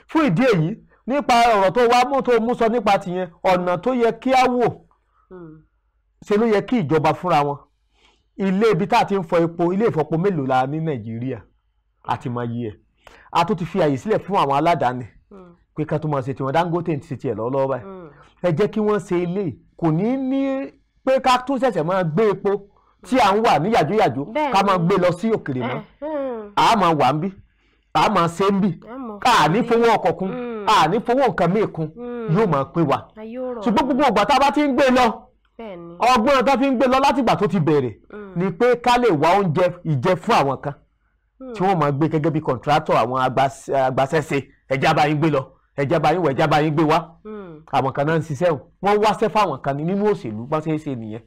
fún ìdí èyí nípa ọ̀rọ̀ tó wá mú tó mú sọ nípa tìyẹn ọ̀nà tó yẹ kí á wò hmm. ṣe ló yẹ kí ìjọba fúnra wọn ilé ibi tá a ti ń fọ epo ilé ìfọpo mélòó la ní nàìjíríà àti mọ iye ẹ̀ a tún ti fi àyè sílẹ̀ fún àwọn aládàáni hmm. pé ká tó máa ṣe tiwọn Dangote ti ṣe tiẹ̀ lọ́wọ́lọ́wọ́ báyìí hmm. ẹ jẹ́ kí wọ́n ṣe ilé kò ní ní pé ká tún ṣẹ̀ṣẹ̀ máa gbé epo tí à ń wà ní yàjóyàjó ká máa gbé lọ sí òkèrè mọ́ àá eh, máa wà ń bí a máa ṣe ń bì a ní fowó ọkọ̀ kún hmm. a ní fowó nǹkan míì kún hmm. yóò máa pé wa ṣùgbọ́n gbogbo ìgbà tá a bá ti ń gbé lọ ọgbọ́n tá a fi ń gbé lọ látìgbà tó ti bẹ̀rẹ̀ hmm. ni pé ká lè wá oúnjẹ ìjẹ fún àwọn kan tí wọ́n máa gbé gẹ́gẹ́ bí kọ̀ǹtrátọ̀ àwọn agbasẹ́sẹ́ ẹ̀já bá yín gbé lọ ẹ̀já bá yín wọ̀ ẹ̀já bá yín gbé wá àwọn kan náà ń ṣiṣẹ́ o wọ́n wáṣẹ́ fáwọn kan nínú òṣèlú bá ṣe é ṣe nìyẹn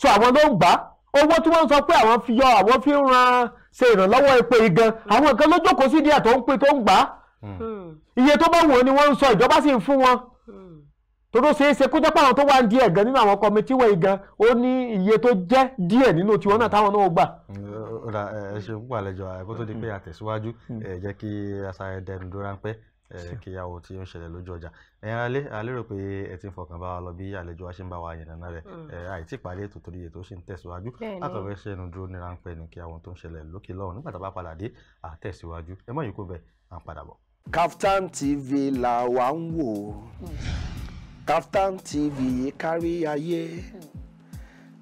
so àwọn ló ń gbà á owó tí wọ́n sọ pé àwọn fi yọ àwọn fi ń ran ṣe ìrànlọ́wọ́ epo igan hmm. àwọn nǹkan ló jókòó sí díẹ̀ tó ń pè tó ń gbà á hmm. Hmm. iye tó bá wù ọ́ ni wọ́n ń sọ ìjọba sì ń fún wọn tòró ṣeé ṣe kó jẹ́ pé àwọn tó wà ń díẹ̀ gan nínú àwọn kọmitì wẹ̀ igan ó ní iye tó jẹ́ díẹ̀ nínú tiwọn náà táwọn náà gbà. ẹ ṣe púpọ̀ àlejò àìkú tó di pé àtẹ̀síwájú ẹ jẹ́ kí aṣáré dẹnu dúró ráńpẹ́ kíyàwó tí ó ń ṣẹlẹ̀ lójú ọjà ẹ̀yin alẹ́ alérò pé ẹ ti ń fọkàn bá wa lọ bí àlejò wa ṣe ń bá wa yànnàná rẹ̀ hmm. àìtí ìpàdé ètò torí ètò ṣì ń tẹ̀síwájú látọ̀fẹ́ ṣẹ́nu dúró ní ráńpẹ́ ní kíyàwó tó ń ṣẹlẹ̀ lókè lọ́hùn nígbà tá a bá padà dé àtẹ̀síwájú ẹ mọ̀ yìí kó bẹ̀ à ń padà bọ̀. Kaftan TV la wa ń wò hmm. Kaftan TV kárí ayé hmm.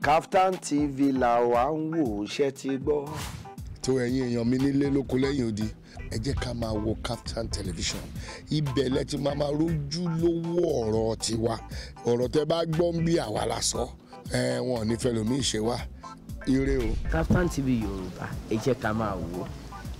Kaftan TV la wa ń wò ṣẹ́ ti gbọ́ tó ẹ̀yin èèyàn mi nílé lóko lẹ́yìn odi ẹ jẹ́ ká máa wo Kaftan television ibẹ̀ lẹ ti máa máa rójú lówó ọ̀rọ̀ tiwa ọ̀rọ̀ tẹ bá gbọ́ ń bí àwa la sọ ẹ wọn ò ní fẹ́ lómi ìṣe wa ire o. Kaftan TV Yorùbá ẹ jẹ́ ká máa wò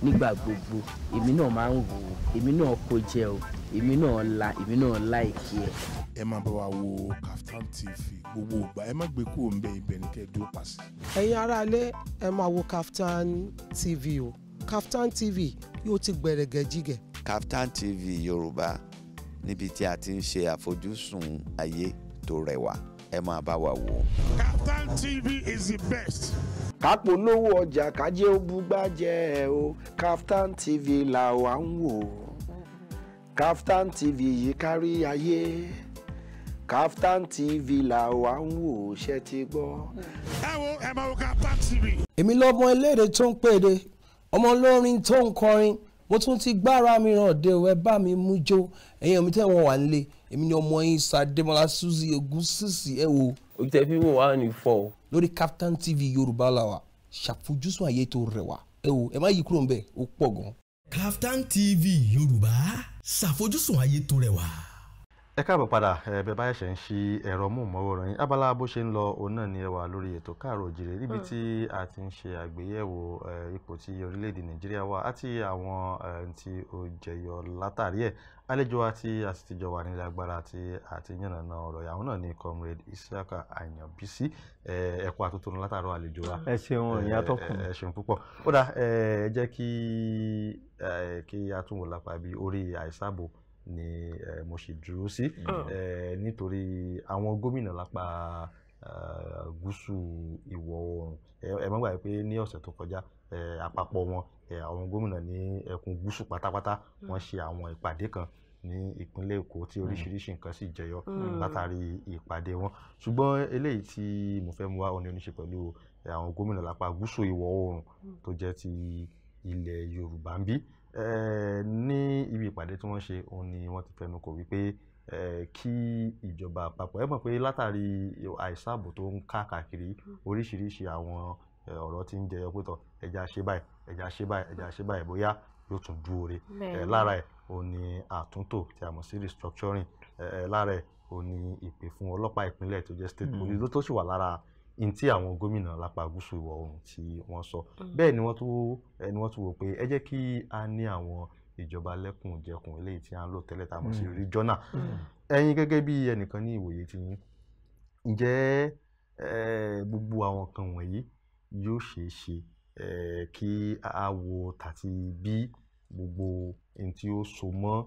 nígbà gbogbo èmi náà máa ń wò ó èmi náà kó jẹ o èmi náà la èmi náà láìkí ẹ. ẹ máa bá wa wo Kaftan TV gbogbo ìgbà ẹ má gbé kúrò ń bẹ ibẹ̀ ní kẹ́ dúró pàṣẹ. ẹ̀yin aráalé ẹ máa wo Kaftan TV o Kaftan TV yóò ti gbẹ̀rẹ̀gẹ̀ jígẹ̀. Kaftan TV Yorùbá níbi tí a ti ń ṣe àfojúsùn ayé tó rẹwà ẹ máa bá wa wò. Kaftan TV is the best kápò lówó ọjà kájé ó búgbájẹ́ o Kaftan TV là wà ń wò Kaftan TV yìí kárí ayé Kaftan TV là wà ń wò ṣe ti gbọ́. ẹ wo ẹ máa wo Kaftan TV. èmi lọ́mọ elédè tó ń pèdè ọmọ olórin tó ń kọrin mo tún ti gbára mi ràn dé o ẹ bá mi mú jó ẹ̀yin mi tẹ́ wọn wà nílé èmi ni ọmọ yín Sàdémọ́lá Suzy Ògúnsìsì ẹ wo. o tẹ fi wò wá ní fọ lórí Kaftan TV Yorùbá la wa ṣàfojúsùn àyè tó rẹwà ẹ wo ẹ má yí kúrò ń bẹ ó pọ̀ gan. Kaftan TV Yorùbá ṣàfojúsùn àyè tó rẹwà ẹ káàbọ̀ padà ẹ̀bẹ̀ bá ẹ̀ṣẹ̀ ń ṣí ẹ̀rọ móhùnmáwòrán yín abala bó ṣe ń lọ òun náà ni ẹ wà lórí ètò káàrọ̀ òjìrè níbi hmm. tí a ti ń ṣe àgbéyẹ̀wò ipò tí orílẹ̀-èdè nàìjíríà wà àti àwọn tí ó jẹyọ látàrí ẹ̀ àlejò àti àsìtìjọ wà nílẹ̀ agbára àti àti yànnàna ọ̀rọ̀ àwọn náà ni comrade isiaka àyànbísí ẹ̀kọ́ àtúntò látàrọ̀ àlejò wa ẹ ṣeun ìyá tó kù ẹ ṣeun púpọ̀ ó dà ẹ jẹ́ kí kí a lápá bí orí àìsàbò ni mo ṣe dúró sí hmm. nítorí àwọn gómìnà lápá gúúsù ìwọ̀ oòrùn ẹ má gbàgbé pé ní ọ̀sẹ̀ tó kọjá àpapọ̀ wọn àwọn gómìnà ní ẹkùn gúúsù pátápátá hmm. wọ́n ṣe àwọn ìpàdé kan ní ìpínlẹ̀ èkó tí hmm. oríṣiríṣi nǹkan sì jẹyọ látàrí ìpàdé wọn ṣùgbọ́n eléyìí tí mo fẹ́ mú wá òní oníṣe pẹ̀lú àwọn gómìnà lápá gúúsù ìwọ̀ oòrùn tó jẹ́ ti ilẹ̀ yorùbá ń bí ní ibi ìpàdé tí wọ́n ṣe òun ni wọ́n ti fẹnu kò wípé kí ìjọba àpapọ̀ ẹ mọ̀ pé látàrí àìsààbò tó ń káàkiri oríṣiríṣi àwọn ọ̀rọ̀ tí ń jẹyọ pé tọ̀ ẹja ṣe báyìí ẹja ṣe báyìí ẹja ṣe báyìí bóyá yóò tún du oore lára ẹ̀ òun ni àtúntò tí a mọ̀ sí restructuring lára ẹ̀ òun ni ìpè fún ọlọ́pàá ìpínlẹ̀ tó jẹ́ state hmm. police ló tó sì wà lára n tí àwọn gómìnà lápá gúúsù ìwọ̀ oòrùn tí wọ́n sọ mm. bẹ́ẹ̀ ni wọ́n tún ẹni wọ́n tún wò pé ẹ jẹ́ kí a ní àwọn ìjọba lẹ́kùnjẹkùn eléyìí tí a ń lò tẹ́lẹ̀ tá a mọ̀ sí mm. regional mm. ẹ̀yin gẹ́gẹ́ bí ẹnìkan ní ìwòye ti yín ǹjẹ́ gbogbo àwọn kan wọ̀nyí yóò ṣeé ṣe kí a wo tàti bí gbogbo ohun tí ó so mọ́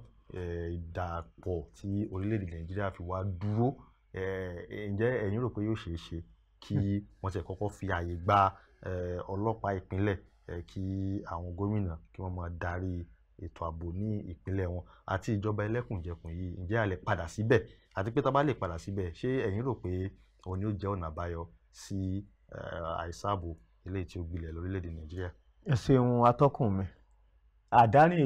ìdàpọ̀ tí orílẹ̀-èdè Nàìjíríà fi wá dúró ǹjẹ́ ẹ̀yin rò pé yóò ṣeé ṣe kí wọ́n ti kọ́kọ́ fi àyè gba eh, ọlọ́pàá ìpínlẹ̀ eh, kí àwọn gómìnà kí wọ́n máa darí ètò ààbò ní ìpínlẹ̀ wọn àti ìjọba ẹlẹ́kùnjẹkùn yìí ǹjẹ́ a lè padà síbẹ̀ àti pé tá a bá lè padà síbẹ̀ ṣé ẹ̀yin rò pé òun ni ó jẹ́ ọ̀nà àbáyọ sí eh, àìsààbò eléyìí tí ó gbilẹ̀ lórílẹ̀‐èdè nàìjíríà. ẹ ṣeun atọ́kùn mi àdánì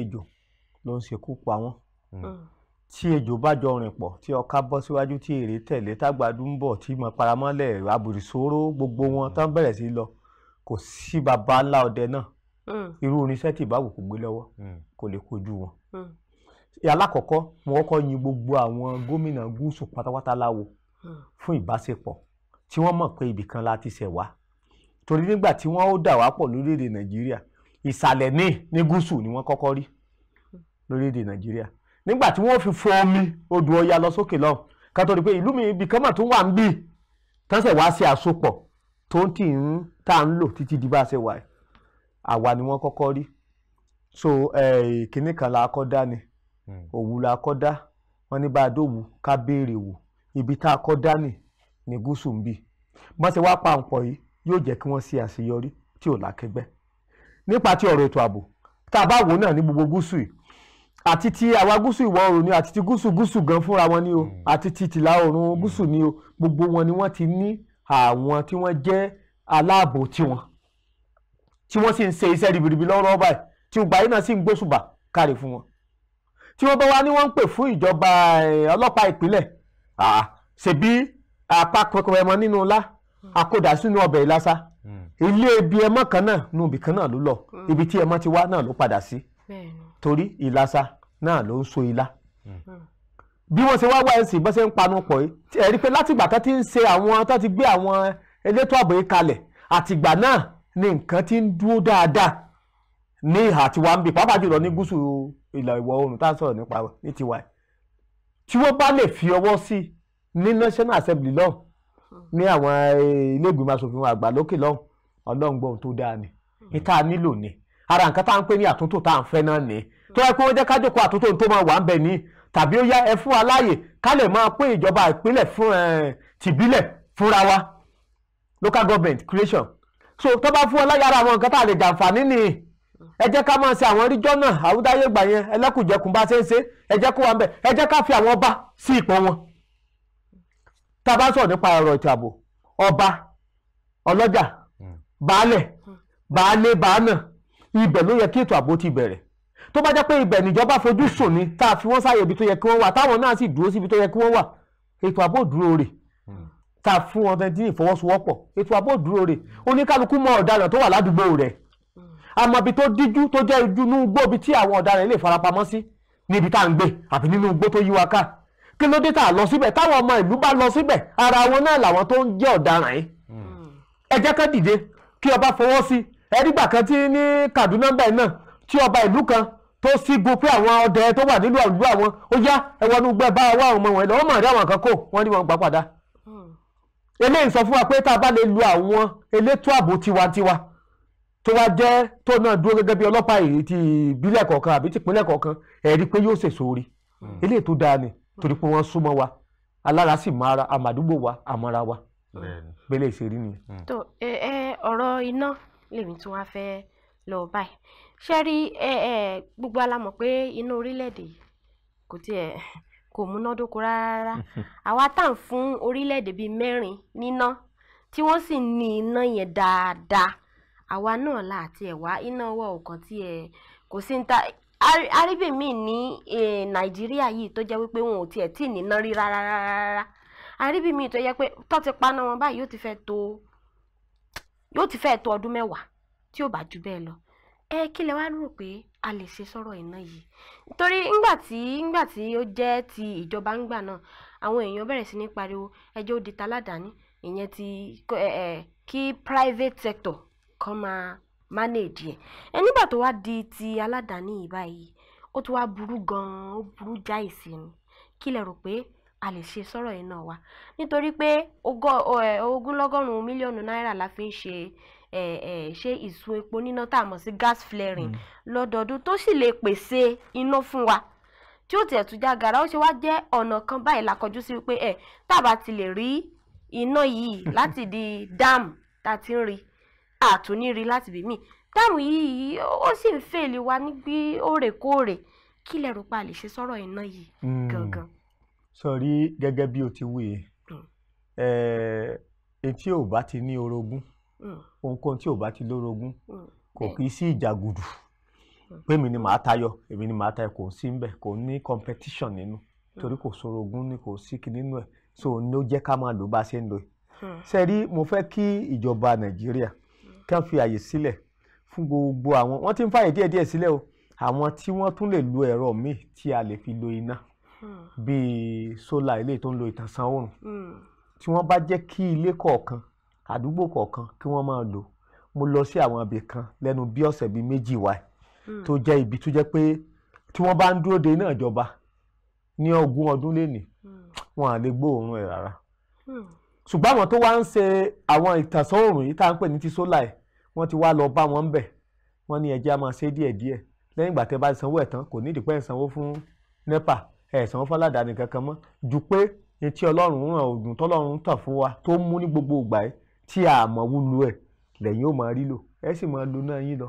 ló ń ṣekú pa wọ́n. Hmm. Hmm tí ejò bá jọ rìn pọ̀ tí ọkà bọ́ síwájú tí èrè tẹ̀lé tágbàdú ń bọ̀ tí mọ̀paramọ́lẹ̀ àbùrìṣòro gbogbo wọn tán bẹ̀rẹ̀ sí lọ kò sí baba ńlá ọdẹ náà hmm. irú oníṣẹ́ tí ìbáwò kò gbé lọ́wọ́ hmm. kò lè kojú wọn. Hmm. alákọ̀ọ́kọ́ mo kọ́kọ́ yin gbogbo àwọn gómìnà gúúsù pátápátá láwo fún ìbáṣepọ̀ tí wọ́n mọ̀ pé ibìkan la ti ṣẹ̀ wá torí nígbà tí wọ́n ó dà wá pọ̀ lórílẹ̀‐èdè nàìjíríà ìsàlẹ̀ ní ní gúúsù ni wọ́n kọ́kọ́ rí lórílẹ̀‐èdè nàìjíríà nígbà tí wọ́n fi fọ omi odò ọya lọ sókè lọ ká tó rí pé ìlú mi ibì kan mà tó wà ń bì tán sẹ̀ wá sí àsopọ̀ tó ń tì ń tá à ń lò títí di bá a ṣe wà ẹ̀ àwa ni wọ́n kọ́kọ́ rí so kínní kan la kọ́ dá ni hmm. òwú la kọ́ dá wọ́n ní bá a dòwú ká béèrè wò ibi tá a kọ́ dá ni ní gúúsù ń bì wọ́n ṣe wá pa àǹpọ̀ yìí yóò jẹ́ kí wọ́n ṣe àṣeyọrí tí ò lákẹgbẹ́ nípa ti ọ̀rọ̀ ètò ààbò tá a bá wò náà ní gbogbo gúúsù yìí àti ti àwa gúúsù ìwọ̀ oòrùn ni àti ti gúúsù gúúsù gan fúnra wọn ni o mm. àti ti tìlà oòrùn mm. gúúsù ni o gbogbo wọn ni wọ́n ti ní àwọn tí wọ́n jẹ́ aláàbò tiwọn tí wọ́n sì ń ṣe iṣẹ́ ribiribi lọ́wọ́lọ́wọ́ báyìí tí ìgbà yìí náà sì ń gbóṣùbà kárí fún wọn tí wọ́n bá wá ní wọ́n ń pè fún ìjọba eh, ọlọ́pàá ìpínlẹ̀ ah, ṣèbí apá kankan ẹmọ nínú ńlá akódà sínú ọbẹ̀ ìlàsà mm. ilé ibi ẹmọ kan náà nu náà ló lọ ibi tí ẹmọ ti wá náà ló padà sí torí ìlàsà náà ló ń so ilá bí wọ́n ṣe wá wá ẹ̀sìn bọ́sẹ̀ ń panu pọ̀ yìí ẹ̀rí pé látìgbà tó ti ń ṣe àwọn tó ti gbé àwọn elétò ààbò yìí kalẹ̀ àtìgbà náà ni nǹkan ti ń dúró dáadáa ní ìhà tiwa ń bi pàápàá jùlọ ní gúúsù ìlà ìwọ̀ oòrùn tá à ń sọ̀rọ̀ nípa ní tiwa yìí tí wọ́n bá lè fi ọwọ́ sí ní national assembly lọ́hùn ní àwọn eh, ilé ìgbìmọ̀ asòfin àgbà lókè lọ́hùn ọlọ́ngbọ̀n tó dáa ni ní tá a nílò ni ara nǹkan tá à ń pè ní àtúntò tá à ń fẹ́ náà ni tó yẹ kí wọ́n jẹ́ ká jókòó àtúntò tó máa wà ń bẹ̀ ni tàbí ó yá ẹ fún wa láàyè ká lè máa pín ìjọba ìpínlẹ̀ fún tìbílẹ̀ fúnra wa local government creation so tó bá fún wa láyé ara àwọn nǹkan tá à lè jàǹfààní ni ẹ jẹ́ ká máa ṣe àwọn ríjọ́ náà àwúdáyégbà yẹn ẹlẹ́kùnjẹkùn bá ṣe ń ṣe ẹ jẹ́ kó wa ń bẹ̀ ẹ jẹ́ ká fi àwọn ọba sí ipò wọn tá a bá sọ̀rọ̀ nípa ọ̀rọ̀ ètò ààbò ọba ọlọ́jà hmm. baálẹ̀ baálé baánà ibẹ̀ ló yẹ kí ètò ààbò ti bẹ̀rẹ̀ tó bá jẹ́ pé ibẹ̀ níjọba fojú sùn ni tá a fi wọ́n sáyè ibi tó yẹ kí wọ́n wà táwọn náà sì dúró síbi tó yẹ kí wọ́n wà ètò ààbò dúró rè hmm. tá a fún wọn ní ìfọwọ́sowọ́pọ̀ ètò ààbò dúró rè oníkálukú mọ ọ̀daràn tó wà ládùúgbò rẹ̀ àmọ́ ibi tó díjú tó jẹ́ ojú inú igbó ibi tí àwọn ọ̀daràn lè farapamọ́ sí níbi tá à ń gbé àbí nínú igbó tó yí wa ká kí ló dé tá a lọ síbẹ̀ táwọn ọmọ ìlú bá lọ síbẹ̀ ara wọn náà làwọn tó ń jẹ́ ọ̀daràn yìí hmm. ẹ jẹ́ ká dìde kí ọba fọwọ́ sí ẹ̀rígbà kan tí ní Kaduna bẹ́ẹ̀ náà tí ọba ìlú kan tó sígun pé àwọn ọdẹ tó wà nílùú àdúgbò àwọn ó yá ẹwọnú gbẹ bá wá àwọn ọmọ wọn lọ mọ àdé àwọn kan kò wọn ní wọn gbà padà hmm. eléyìí sọ fún wa pé tá a bá lè lu àwọn elétò ààbò tiwantiwa tó wá jẹ́ tó náà dúró gẹ́gẹ́ bí ọlọ́pàá èyí ti ìbílẹ̀ kọ̀ọ̀kan àbí ti ìpínlẹ̀ kọ̀ọ̀kan ẹ̀rí pé yóò ṣèṣò rí hmm. eléyìí tó dáa ni hmm. torí pé wọ́n súnmọ́ wa alára sì máa ra àmàdúgbò wa àmọ́ra wa bẹ́ẹ̀ lè ṣe rí nìyẹn. tó ẹ ọ̀rọ̀ iná lèmi tún wá fẹ́ lọ báyìí ṣe rí ẹ ẹ gbogbo alamọ̀ pé inú orílẹ̀-èdè yìí kò tiẹ̀ kò múnádóko rárá àwa tá à ń fún orílẹ̀-èdè bíi mẹ́rin níná tí wọ́n sì ní iná yẹn dáadáa àwa náà là àti ẹ̀ wá iná wọ̀ ọ̀kan tí ẹ̀ kò sí ń ta arábìnrin mi ní nàìjíríà yìí tó jẹ́ wípé wọn ò tiẹ̀ tí ì níná rí rárá rárá arábìnrin mi tó yẹ pé tó ti paná wọn báyìí ó ti fẹ́ tó yóò ti fẹ́ẹ̀ tó ọdún mẹ́wàá tí ò bá ju bẹ́ẹ̀ lọ ẹ kí lẹ wá rò pé a lè ṣe sọ̀rọ̀ iná yìí nítorí ńgbà tí ńgbà tí ó jẹ́ ti ìjọba ńgbà náà àwọn èèyàn bẹ̀rẹ̀ sí ní pariwo ẹjẹ́ ó di taládàáni ìyẹn ti ẹ kí private sector kan máa manage ẹ ẹ nígbà tó wá di ti aládàáni yìí ó ti wá burú gan-an ó burú jáì sí ni kí lẹ rò pé a lè ṣe sọ́rọ̀ iná wa nítorí pé ogúnlọ́gọ́rùn-ún mílíọ̀nù náírà la fi ń ṣe ṣe ìsun epo níná tá a mọ̀ sí gas flaring hmm. lọ́dọọdún tó sì lè pèsè iná fún wa tí ó tiẹ̀ tún já gara ó ṣe wá jẹ́ ọ̀nà kan báyìí la kọjú sí pé ẹ̀ tá a bá ti lè rí iná yìí láti di dam tá a ti ń rí àtúní rí láti bí mi dam yìí ó sì ń fèlè wa níbi òrèkóòrè kí lẹ pa lè ṣe sọ́rọ̀ iná yìí hmm. gangan sọrí gẹ́gẹ́ bí o ti wí hmm. eh, etí ò bá ti ní orogún hmm. ohunkóhun tí ò bá ti lórogún hmm. kò kì í sí ìjàgùdù pé mi ni màá tayọ èmi ni màá tayọ kò sí nbẹ kò ní competition nínú torí kò sorogún ni kò sí kí nínú ẹ so ló jẹ́ ká máa lò bá a ṣe ń lò ẹ ṣe rí mo fẹ́ kí ìjọba nàìjíríà kí wọ́n fi àyè sílẹ̀ fún gbogbo àwọn wọ́n ti ń fàyè díẹ̀díẹ̀ sílẹ̀ o àwọn tí wọ́n tún lè lo ẹ̀rọ míì tí a lè fi lo iná Hmm. bíi sólà ilé tó ń lo ìtànsán oòrùn hmm. tí wọ́n bá jẹ́ kí ilé kọ̀ọ̀kan àdúgbò kọ̀ọ̀kan kí wọ́n máa lò mo lọ sí àwọn ibì kan lẹ́nu bí ọ̀sẹ̀ bíi méjì wá hmm. tó jẹ́ ibi tó jẹ́ pé tí wọ́n bá ń dúró de iná ìjọba ní ogún ọdún lénìí wọn à lè gbóòórùn ẹ̀ rárá ṣùgbọ́n àwọn tó wá ń ṣe àwọn ìtànsán oòrùn yìí tá à ń pè ní ti sólà ẹ̀ wọ́n ti wá lọ bá wọn bẹ̀ wọ́n ní ẹjẹ́ a máa ṣe díẹ̀díẹ̀ lẹ́yìn ìgbà tẹ́ bá sanwó ẹ̀ tán kò ní ìdìpẹ́ ìsanwó fún nepa ẹ̀sán fọládàáni kankan mọ́ ju pé ní tí ọlọ́run ràn ògùn tọ́lọ́run tàn fún wa tó mú ní gbogbo ìgbà yìí tí a mọ̀ wúlò ẹ̀ lẹ́yìn ó máa rí lò ẹ sì máa lo náà yín lọ.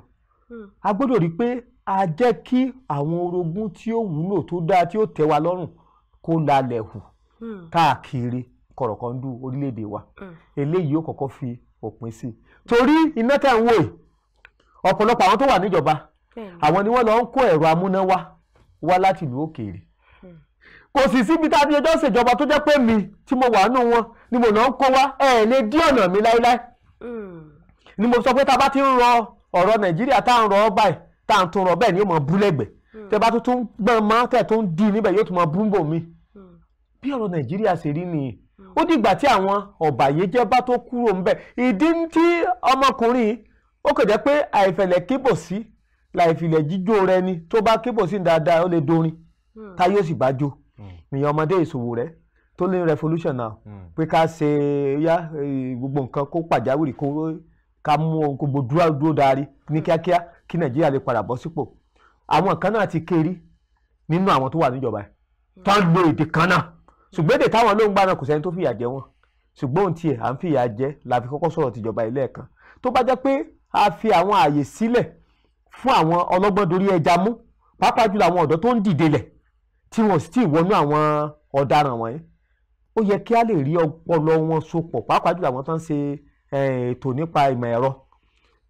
Hmm. a gbọ́dọ̀ rí i pé a jẹ́ kí àwọn orogún tí ó wúlò tó dáa tí ó tẹ́ wa lọ́rùn kó lalẹ̀ hù hmm. káàkiri kọ̀rọ̀kọ̀ndù orílẹ̀-èdè wa hmm. eléyìí ó kọ́kọ́ fi òpin sí i torí iná tẹ̀ ń wò yìí ọ̀pọ̀lọpọ̀ àwọn tó wà níjọba àwọn ni wọ́n lọ ń kó ẹ̀rọ amúnáwá wá láti ìlú òkèèrè kò sì síbi tá a ti jọjọ́ ṣèjọba tó jẹ́ pé mi tí mo wà nù wọn ni mo náà ń kó wá ẹ lè dí ọ̀nà mi láéláé ni mo sọ pé tá a bá ti ń rọ ọ̀rọ̀ nàìjíríà tá à ń rọ ọ́ báyìí tá à ń tún rọ bẹ́ẹ̀ ni yóò máa bú lẹ́gbẹ̀ẹ́ hmm. tẹ bá tún tún gbọ́n mọ́ tẹ̀ tó ń di níbẹ̀ yóò tún máa bú bò mí hmm. bí ọ̀rọ̀ nàìjíríà ṣe rí nìyí hmm. ó dìgbà tí àwọn ọ̀bàyéjẹ́ bá tó kúrò ńbẹ̀ ìdí tí ọmọkùnrin ó kò jẹ́ pé àìfẹ̀lẹ̀ kébò sí láìfilẹ̀ jíjó rẹ ni tó bá kébò sí dáadáa ó lè dorin táyé ó sì bá jó ìyẹn ọmọdé ìṣòwò rẹ tó ní revolution náà hmm. pé ká ṣe yá eh, gbogbo nǹkan kó pàjáwìrì kó ká mú ohun gbogbo dúró darí ní kíákíá kí nàìjíríà lè padà bọ́ sípò àwọn kan náà ti kéré nínú àwọn tó wà níjọba hmm. tó ń lo èdè kan náà ṣùgbọ́n èdè táwọn ló ń gbà náà kò sẹ́ni tó fìyà jẹ wọ́n ṣùgbọ́n ohun tiẹ̀ à ń fìyà jẹ la kọ́kọ́ sọ̀rọ̀ tìjọba ilé ẹ̀kan tó bá jẹ́ pé a fi àwọn ààyè sílẹ̀ fún àwọn ọlọ́gbọ́n dorí ẹja mú pàápàá jùlọ àwọn ọ̀dọ́ tó ń dìde lẹ̀ tí wọ́n sì ti wọnú àwọn ọ̀daràn wọ̀nyí ó yẹ kí a lè rí ọpọlọ wọn so pọ̀ pàápàá jùlọ àwọn tó ń ṣe ètò nípa ìmọ̀ ẹ̀rọ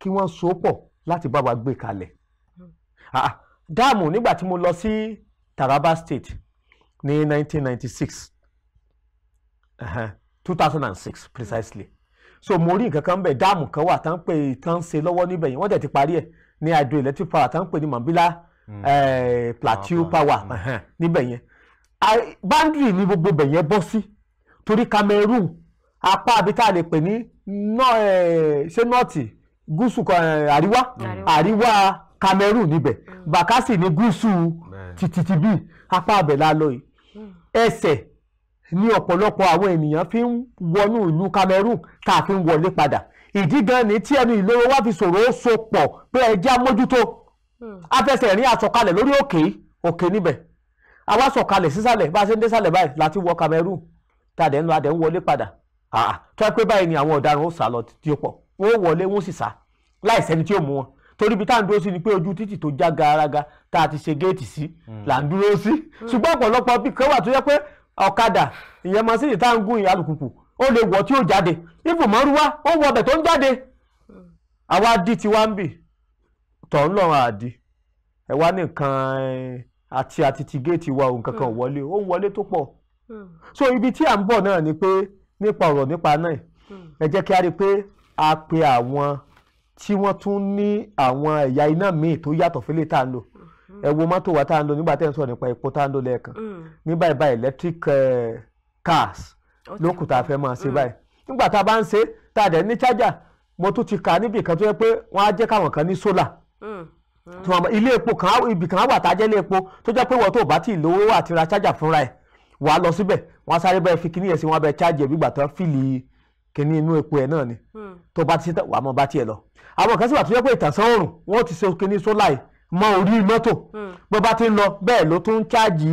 kí wọ́n so pọ̀ láti bá wa gbé kalẹ̀ dáàmù nígbà tí mo lọ sí Taraba State ní 1996 uh-huh. 2006 precisely so mo rí nǹkan kan bẹ̀ dáàmù kan wà tá ń pè tán ṣe lọ́wọ́ níbẹ̀ yẹn wọ́n dẹ̀ ti parí ẹ̀ ní hydroelectric power tá pè ní Mambila Mm. Eh, plateau ah, power mm. níbẹ̀ yẹn ah, boundary ni gbogbo bẹ̀ yẹn bọ́ sí torí Cameroon apá àbí tá a lè pè ní eh, ṣé nọ́ọ̀tì gúúsù eh, àríwá àríwá Cameroon níbẹ̀ mm. bàkásì ní gúúsù títí bíi apá abẹ̀ la yìí ẹsẹ̀ ni ọ̀pọ̀lọpọ̀ àwọn ènìyàn fi ń wọnú ìlú Cameroon tá a fi ń wọlé padà ìdí gan ni tí ẹnu ìloro wá fi sọ̀rọ̀ ó so pọ̀ pé ẹ já Hmm. afẹsẹ̀ rìn àsọ̀kalẹ̀ lórí òkè òkè níbẹ̀ àwa sọ̀kalẹ̀ sísàlẹ̀ bá a ṣe ń dé sàlẹ̀ báyìí láti wọ Cameroon tàdé ń lọ adé ń wọlé padà tó ẹ pé báyìí ni àwọn ọ̀daràn ó sá lọ tí ó pọ̀ wọ́n ó wọlé wọ́n sì sá láì sẹ́ni tí ó mú wọn torí ibi tá à ń dúró sí ni pé ojú títì tó já garaga tá a ti ṣe géètì sí hmm. là ń dúró sí hmm. ṣùgbọ́n ọ̀pọ̀lọpọ̀ bí kan wà tó yẹ pé ọ̀kadà ìyẹn masini tá à ń gún ìyá alùpùpù ó lè wọ̀ tí ó jáde ibùmọ̀rúwá ó wọ ọbẹ̀ tó ń jáde àwa dí tiwa ń bì tọ̀hún lọ́rùn àdì ẹ wá nìkan eh, àti àti ti géètì wa òun kankan hmm. wọlé ó ń wọlé tó pọ̀ hmm. so ibi tí à ń bọ̀ náà ni pé nípa ọ̀rọ̀ nípa náà hmm. ẹ jẹ́ kí a rí i pé a pe àwọn tí wọ́n tún ní àwọn ẹ̀yà iná míì tó yàtọ̀ fílẹ̀ tá a lò ẹ wo mọ́tò wa tá a ń lò nígbà tẹ́ ń sọ̀rọ̀ nípa epo tá a ń lò lẹ́ẹ̀kan ní báyìí electric eh, cars lókùn tá a fẹ́ máa ṣe báyìí nígbà tá a bá ń ṣe tá a dẹ̀ ní chájà mo tún ti kà níbi kan tó yẹ pé wọ́n á jẹ́ káwọn kan ní sólà Hmm. Hmm. ilé epo kan ibì kan wà tá a jẹ́ ilé epo tó jẹ́ pé wọ́n tó bá ti lówó àti ra chájà fúnra ẹ̀ wàá lọ síbẹ̀ wọ́n sáré bẹ́ẹ̀ fi kíní yẹn sí wọ́n bẹ́ẹ̀ chájì ẹ̀bí fìlì kíní inú epo ẹ̀ náà ni hmm. tó bá ti sì wà tó jẹ́ pé ìtànsán wọ́n ti ṣe yìí mọ orí mọ́tò bó lọ bẹ́ẹ̀ ló tún chájì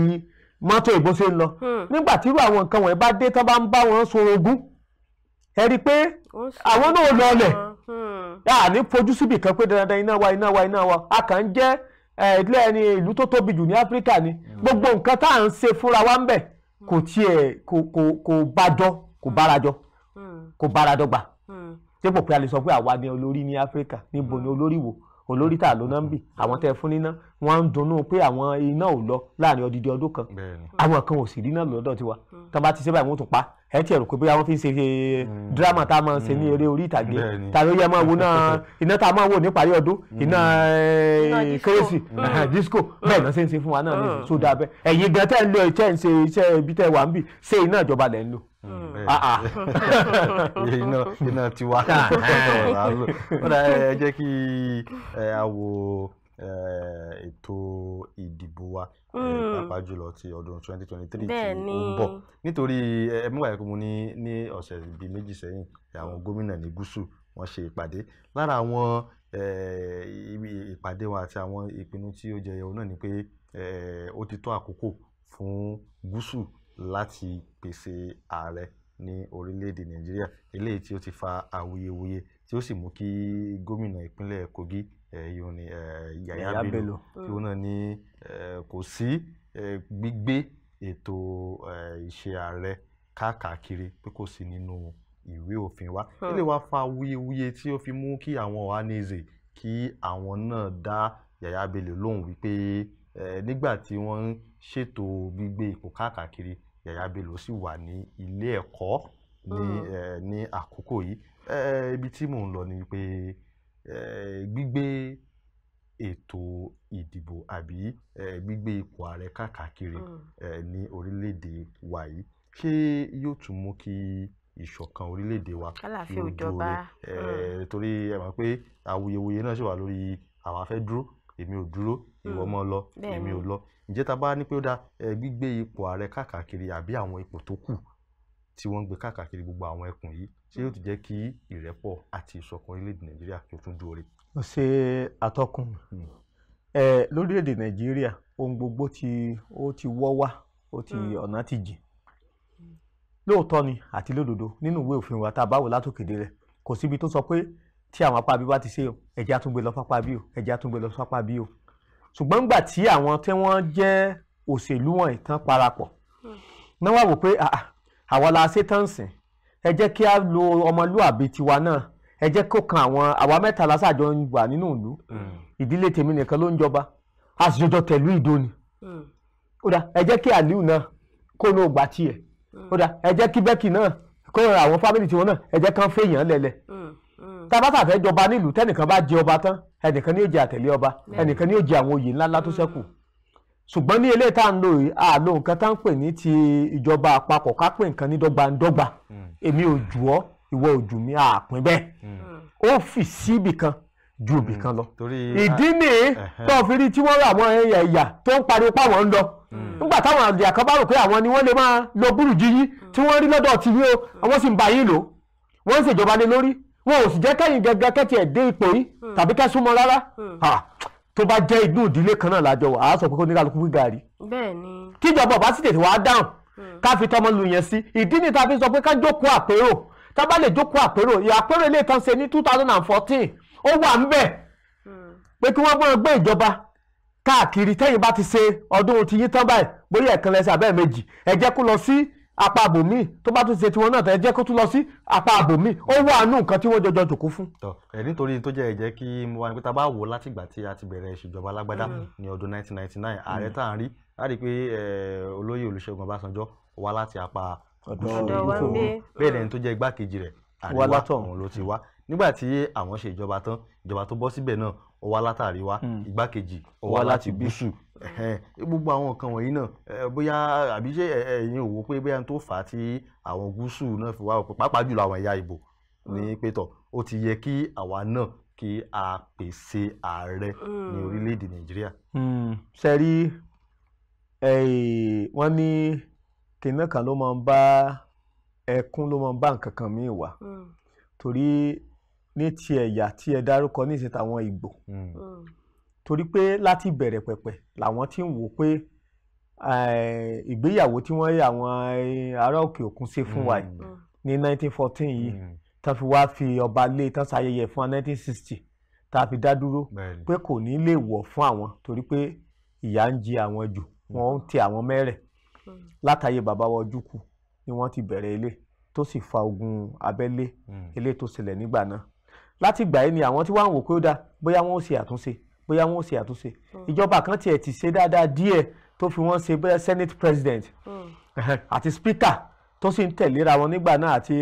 mọ́tò a ní fojú síbì kan pé dandan iná wa iná wa iná wa a kàn ń jẹ́ ilé ẹni ìlú tó tóbi jù ní áfíríkà ni mm. gbogbo nǹkan tá à ń ṣe fúnra wa ń bẹ̀ kò mm. tiẹ̀ kò bájọ́ kò bárajọ́ kò bárajọ́ mm. gbà dépò pé a lè sọ pé àwa ni olórí ní áfíríkà níbo ni olórí wo olórí tà ló náà ń bì àwọn tẹ́ fún níná wọ́n ń dunnú pé àwọn iná ò lọ láàrin odidi ọdún kan àwọn kan ò sì rí náà lọ́dọ̀ tiwa tó bá ti ṣe báyìí wọ́n tún pa ẹ tiẹ̀ rò pé bóyá wọ́n fi ṣe mm. dírámà tá a máa ṣe ní mm. eré orí ìtàgé tàbí ó yẹ máa wo náà iná tá a máa wò níparí ọdún mm. iná kérésì eh, disco bẹ́ẹ̀ náà ṣe ń ṣe fún wa náà ní sódà bẹ́ẹ̀ ẹ̀yin gan tẹ́ ń lo iṣẹ́ ń ṣe iṣẹ́ ibi tẹ́ wà ń bì ṣé iná ìjọba lẹ́ ń lò ah, ah. iná iná tiwa ah, eh. ó dà ẹ jẹ́ kí a wo. Eh, ètò ìdìbò wa eh, hmm. pàápàá jùlọ ti ọdún 2023 tí ó ń bọ̀ nítorí eh, ẹ mú wáyé kó mo ní ní ọ̀sẹ̀ bíi méjì sẹ́yìn àwọn gómìnà ní gúúsù wọ́n ṣe ìpàdé lára àwọn ìpàdé wọn àti àwọn ìpinnu tí ó jẹyọ náà ni pé ó ti tó àkókò fún gúúsù láti pèsè ààrẹ ní orílẹ̀-èdè nàìjíríà eléyìí tí ó ti fa awuyewuye tí ó sì mú kí gómìnà ìpínlẹ̀ kogi ìyóò ní Yaya Bello tí òun náà ní kò sí gbígbé ètò ìṣe ààrẹ káàkiri pé kò sí nínú ìwé òfin wa ilé wa fa wuyewuye tí ó fi mú kí àwọn Ohanaeze kí àwọn náà dá Yaya Bello lóhùn wípé nígbà tí wọ́n ń ṣètò gbígbé ipò káàkiri Yaya Bello sì wà ní ilé ẹ̀kọ́ ní hmm. àkókò yìí ibi tí mò ń lọ ni pé. Eh, gbígbé ètò ìdìbò àbí eh, gbígbé ipò ààrẹ káàkiri mm. eh, ní orílẹ̀-èdè wa yìí ṣé yóò tún mú kí ìṣọ̀kan orílẹ̀-èdè wa kí ó jọba mm. torí ẹ mọ̀ pé awuyewuye náà ṣì wà lórí àwa fẹ́ dúró èmi ò dúró ìwọ mm. mọ lọ èmi ò lọ ǹjẹ́ tá bá ní pé ó da gbígbé ipò ààrẹ káàkiri àbí àwọn ipò tó kù tí wọ́n ń gbé káàkiri gbogbo àwọn ẹkùn yìí ṣé yóò tún jẹ́ kí ìrẹ́pọ̀ àti ìṣọ̀kan orílẹ̀-èdè nàìjíríà kí ó tún dúró rè. mo ṣe àtọkùn hmm. ẹ lórílẹ̀-èdè nàìjíríà ohun gbogbo tí ó ti wọ́ wá ó ti hmm. ọ̀nà ti jìn lóòótọ́ ni àti lódodo nínú ìwé òfin wa tá a bá wò látòkèdè rẹ̀ kò síbi tó sọ pé tí àwọn apá bí ti ṣe o ẹ̀jẹ̀ àtúngbé lọ pápá bí o ẹ̀jẹ̀ àtúngbé lọ pápá bí o ṣùgbọ́n nígbà tí àwọn tí wọ́n jẹ́ òṣèlú wọn ìtàn parapọ̀ náà hmm. wà pé àwa la ṣe tán sìn ẹ jẹ́ kí a lo ọmọlúàbí tiwa náà ẹ jẹ́ kó kan àwọn àwa mẹ́ta lásàjọ ń wà nínú ìlú mm. ìdílé tèmi nìkan ló ń jọba a sì jọjọ tẹ̀lú ìdó ni mm. ó dà ẹ jẹ́ kí Aliu náà kó ní ògbà tiẹ̀ mm. ó dà ẹ jẹ́ kí Bẹ́kì náà kó àwọn fámìlì tiwọn náà ẹ jẹ́ kán fèèyàn lẹ̀lẹ̀ tabata fẹ́ jọba nílùú tẹ́nìkan bá jẹ ọba tán ẹnìkan ní yóò jẹ àtẹ̀lé ọba ẹnìkan ní yóò jẹ àwọn oyè ńláńlá tó ṣẹ́kù ṣùgbọ́n ní eléyìí tá à ń lò yìí àlò nǹkan tá à ń pè ní ti ìjọba àpapọ̀ ká pè nǹkan ní dọ́gbandọ́gba hmm. èmi ò jù ọ́ ìwọ ò jù mí àpín bẹ́ẹ̀ hmm. ó fì síbì kan ju òbí kan lọ hmm. ìdí nìyí tó fi rí tí wọ́n rà àwọn ẹ̀yà tó ń pariwo páwọn ń lọ nígbà táwọn àjẹ́ kan pé àwọn ni wọ́n lè máa lọ búrùjì yìí tí wọ́n rí lọ́dọ̀ tìbí o àwọn sì ń ba yín lò wọ́n ń ṣèjọba lé lórí wọn ò sì jẹ́ kẹ́yìn gẹ́gẹ́ kẹ́tì ẹ̀ dé ipò yìí tàbí kẹ́sùn rárá tó bá jẹ́ inú ìdílé kan náà lájọ wà á sọ pé kó ní kálukú gbé gàrí. bẹ́ẹ̀ni. tíjọba bá sì tètè wá dáhùn hmm. ká fi tọmọ lu yẹn sí ìdí ni tàbí sọ pé ká jókòó àpérò tá bá lè jókòó àpérò ìyàpérò ilé kan ṣe ní two thousand and fourteen ó wà ń bẹ̀ hmm. pé kí wọ́n gbọ́n gbé ìjọba káàkiri tẹ́yìn bá ti ṣe ọdún tiyín tán báyìí bóyá ẹ̀kan lẹ́sẹ̀ abẹ́ẹ̀ méjì ẹ jẹ́ lọ sí apá àbòmí tó bá tún ṣe tiwọn náà tẹ jẹ́ kó tún lọ sí apá àbòmí ó wà nù nǹkan tí wọ́n jọjọ jòkó fún. tọ ẹ nítorí tó jẹ́ ẹ jẹ́ kí mo wá ní pé tá a bá wò láti ìgbà tí a ti bẹ̀rẹ̀ ìṣèjọba alágbádá mm-hmm. ní ọdún 1999 ààrẹ mm-hmm. tá à ń rí a rí i pé olóyè Olúṣẹ́gun Ọbásanjọ́ wá láti apá ọ̀dọ̀ ìfowó bẹ́ẹ̀ dẹni tó jẹ́ igbákejì rẹ̀ àríwá òun ló ti wá nígbà tí àwọn ṣe ìjọba tán ìjọba tó bọ́ síbẹ̀ náà ó wá látàríwá mm. igbákejì ó wá láti gúúsù gbogbo àwọn nǹkan wọ̀nyí náà bóyá àbí ṣé ẹ̀yin ò wò pé bóyá tó fà á tí àwọn gúúsù náà fi wá òpin pàápàá jùlọ àwọn ẹ̀yà ìbò ní mm. pétọ̀ ó ti yẹ kí àwa náà kí a pèsè ààrẹ ní mm. orílẹ̀-èdè nàìjíríà. Mm. ṣe rí wọ́n ní kìnnà kan ló máa ń bá ẹkún ló máa ń bá nǹkan kan míì wá torí ní ti ẹ̀yà tí ẹ dárúkọ ní ìsìn táwọn ìgbò torí pé láti bẹ̀rẹ̀ pẹ̀pẹ̀ làwọn ti ń wò ó pé eh, ìgbéyàwó tí wọ́n yẹ àwọn eh, ará òkè òkun ṣe fún wa yìí mm. ní 1914 yìí mm. tán fi wá fi ọba lé tán ṣayẹyẹ fún wa 1960 tá a fi dá dúró pé kò ní lè wọ̀ fún àwọn torí pé ìyà ń jẹ àwọn jù wọ́n ń tẹ àwọn mẹ́rẹ̀ mm. látàyè bàbá wa Ojúkù ni wọ́n ti bẹ̀rẹ̀ ilé tó sì fa ogun abẹ́lé ilé tó ṣẹlẹ̀ nígbà náà látìgbà yìí ni àwọn tí wọ́n ń wò pé ó bóyá wọ́n ó ṣe àtúnṣe bóyá wọn ò ṣe àtúnṣe hmm. ìjọba kan tiẹ̀ ti ṣe dáadáa díẹ̀ tó fi wọ́n ṣe bẹ́ẹ̀ senate president hmm. àti speaker tó sì ń tẹ̀léra wọn nígbà náà àti